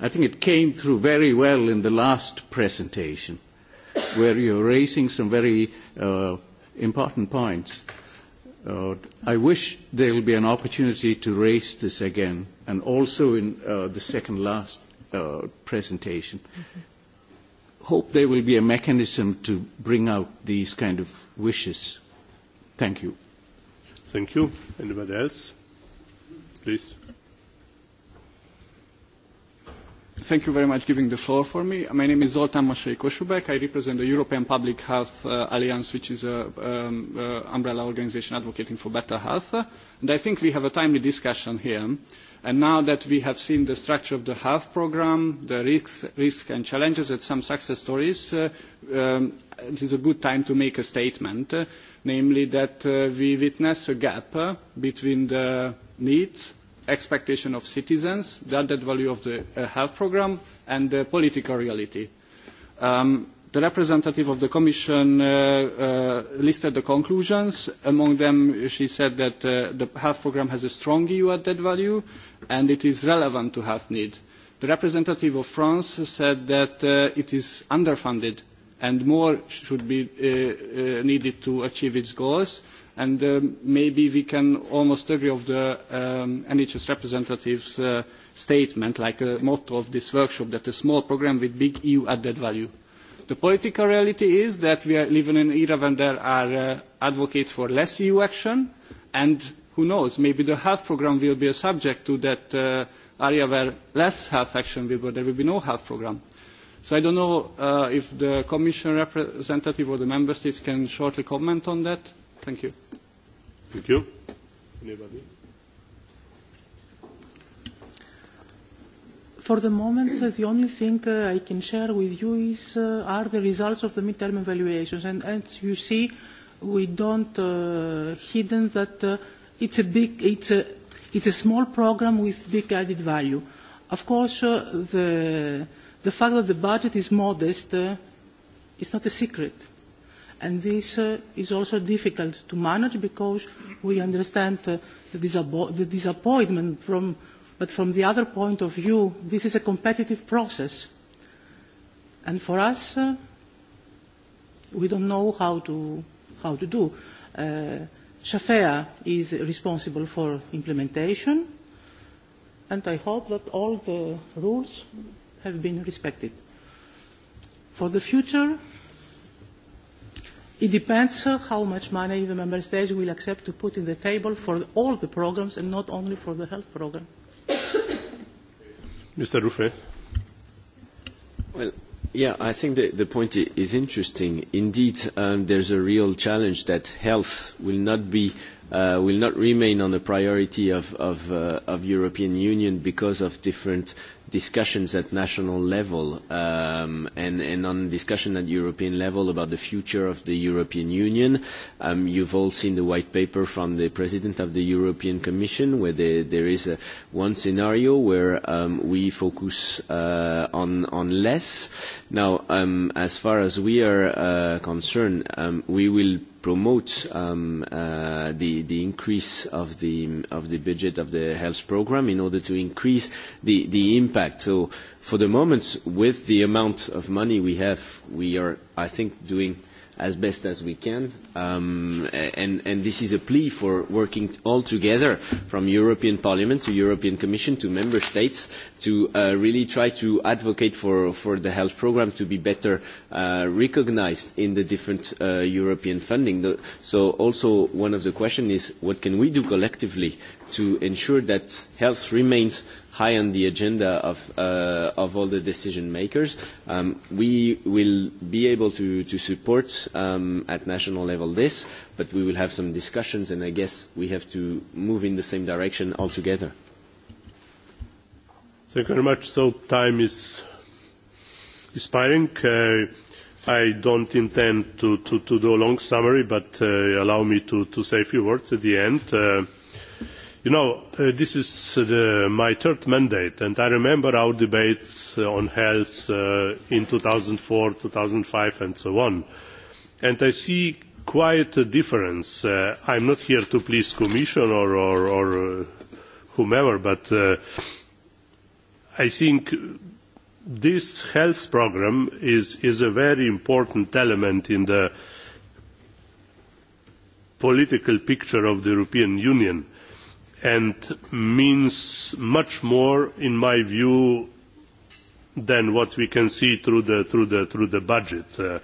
I think it came through very well in the last presentation, where you're raising some very uh, important points. Uh, I wish there will be an opportunity to raise this again, and also in uh, the second last uh, presentation. Hope there will be a mechanism to bring out these kind of wishes. Thank you. Thank you. Anybody else? Please. Thank you very much for giving the floor for me. My name is Zoltán Masai Kosubek. I represent the European Public Health uh, Alliance, which is an um, uh, umbrella organization advocating for better health. And I think we have a timely discussion here. And now that we have seen the structure of the health program, the risks, risk and challenges and some success stories, uh, um, it is a good time to make a statement, uh, namely that uh, we witness a gap uh, between the needs expectation of citizens, the added value of the health programme, and the political reality. the representative of the Commission listed the conclusions. Among them, she said that the health programme has a strong EU added value, and it is relevant to health need. The representative of France said that it is underfunded, and more should be needed to achieve its goals and maybe we can almost agree on the NHS representative's statement, like the motto of this workshop, that a small programme with big EU added value. The political reality is that we live in an era when there are advocates for less EU action, and who knows, maybe the health programme will be a subject to that area where less health action will be, there will be no health programme. So I don't know if the Commission representative or the Member States can shortly comment on that. Thank you. Thank you. Anybody? For the moment, the only thing uh, I can share with you is, uh, are the results of the midterm evaluations. And as you see, we don't uh, hidden that uh, it's a big, it's a, it's a small program with big added value. Of course, uh, the the fact that the budget is modest uh, is not a secret And this uh, is also difficult to manage because we understand uh, the, disabo- the disappointment from, but from the other point of view, this is a competitive process. And for us, uh, we don't know how to, how to do. Uh, Shafea is responsible for implementation, and I hope that all the rules have been respected. For the future, It depends how much money the member states will accept to put in the table for all the programs and not only for the health program. Mr. Ruffet. Well, yeah, I think the, the point is interesting. Indeed, um, there's a real challenge that health will not be will not remain on the priority of, of, uh, of European Union because of different discussions at national level um, and, and on discussion at European level about the future of the European Union. Um, you've all seen the white paper from the President of the European Commission where they, there is a, one scenario where um, we focus uh, on, on less. Now, um, as far as we are uh, concerned, um, we will promote um, uh, the, the increase of the, of the budget of the health program in order to increase the, the impact. So for the moment, with the amount of money we have, we are, I think, doing – as best as we can. Um, and, and this is a plea for working all together from European Parliament to European Commission to Member States to uh, really try to advocate for, for the health programme to be better uh, in the different uh, European funding. The, so also one of the questions is what can we do collectively to ensure that health remains high on the agenda of, uh, of all the decision makers. Um, we will be able to, to support um, at national level this, but we will have some discussions and I guess we have to move in the same direction altogether. Thank you very much. So time is expiring. Uh, I don't intend to, to, to do a long summary, but uh, allow me to, to say a few words at the end. Uh, You know, this is my third mandate, and I remember our debates on health in two thousand four, two thousand five and so on. And I see quite a difference. I am not here to please the Commission or, whomever, but I think this health programme is, a very important element in the political picture of the European Union and means much more, in my view, than what we can see through the budget.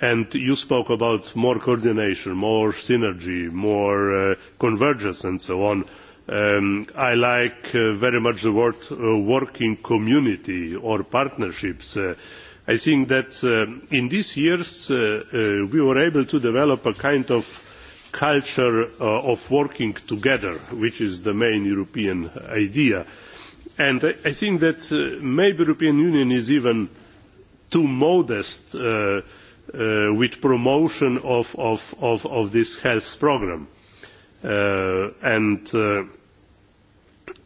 And you spoke about more coordination, more synergy, more convergence, and so on. I like very much the word working community or partnerships. I think that in these years, we were able to develop a kind of culture of working together, which is the main European idea. And I, think that maybe the European Union is even too modest with promotion of, this health programme. and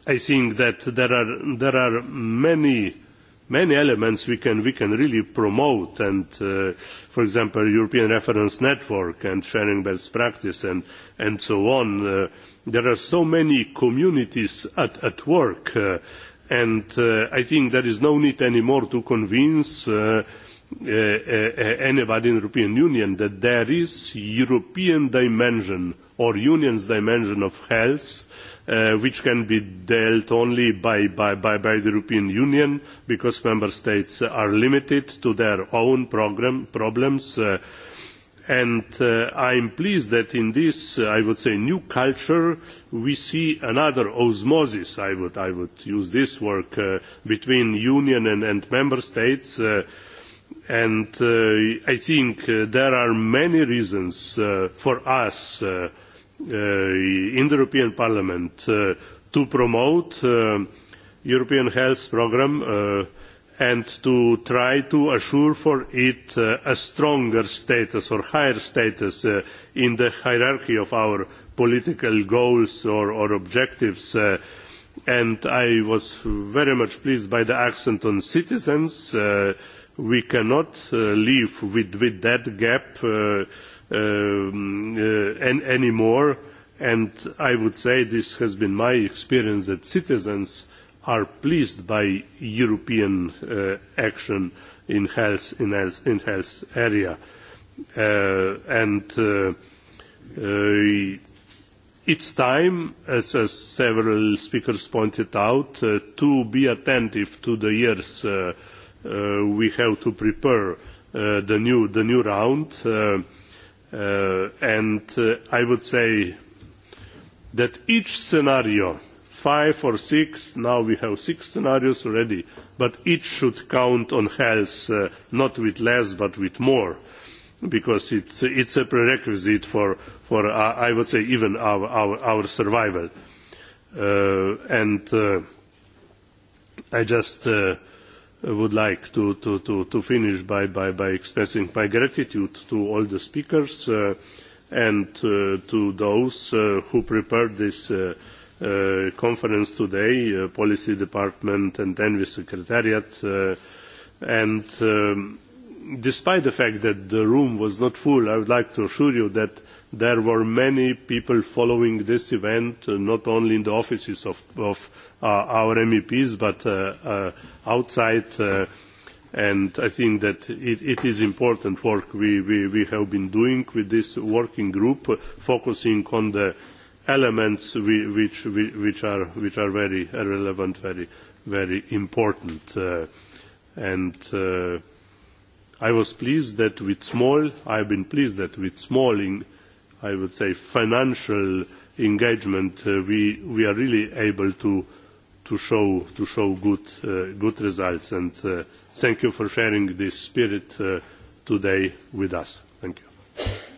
I think that there are, many many elements we can, we can really promote and, for example, European reference network and sharing best practice and, and so on. there are so many communities at, at work and I think there is no need anymore to convince anybody in the European Union that there is a European dimension or Union's dimension of health which can be dealt only by, the European Union because member states are limited to their own problems. and I am pleased that in this, I would say, new culture, we see another osmosis, I would, I would use this word between union and, member states. and I think there are many reasons for us uh, in the European Parliament to promote the European Health Programme and to try to assure for it a stronger status or higher status in the hierarchy of our political goals or, objectives. and I was very much pleased by the accent on citizens. we cannot live with, that gap any more. And I would say this has been my experience that citizens are pleased by European action in health in health in health area, and it's time, as, as several speakers pointed out, to be attentive to the years we have to prepare the new the new round and I would say that each scenario, five or six, now we have six scenarios already, but each should count on health, not with less, but with more, because it is a prerequisite for, for uh, I would say, even our, our, our survival. and I just would like to, to, to, to finish by, by, by expressing my gratitude to all the speakers uh, and uh, to those uh, who prepared this uh, uh, conference today, uh, Policy Department and Envy Secretariat. Uh, and um, despite the fact that the room was not full, I would like to assure you that there were many people following this event, uh, not only in the offices of, of our MEPs, but outside. and I think that it, is important work we, have been doing with this working group, focusing on the elements which, are, very relevant, very, very important. and I was pleased that with small, I have been pleased that with small, in, I would say, financial engagement, we, we are really able to to show to show good uh, good results and uh, thank you for sharing this spirit uh, today with us thank you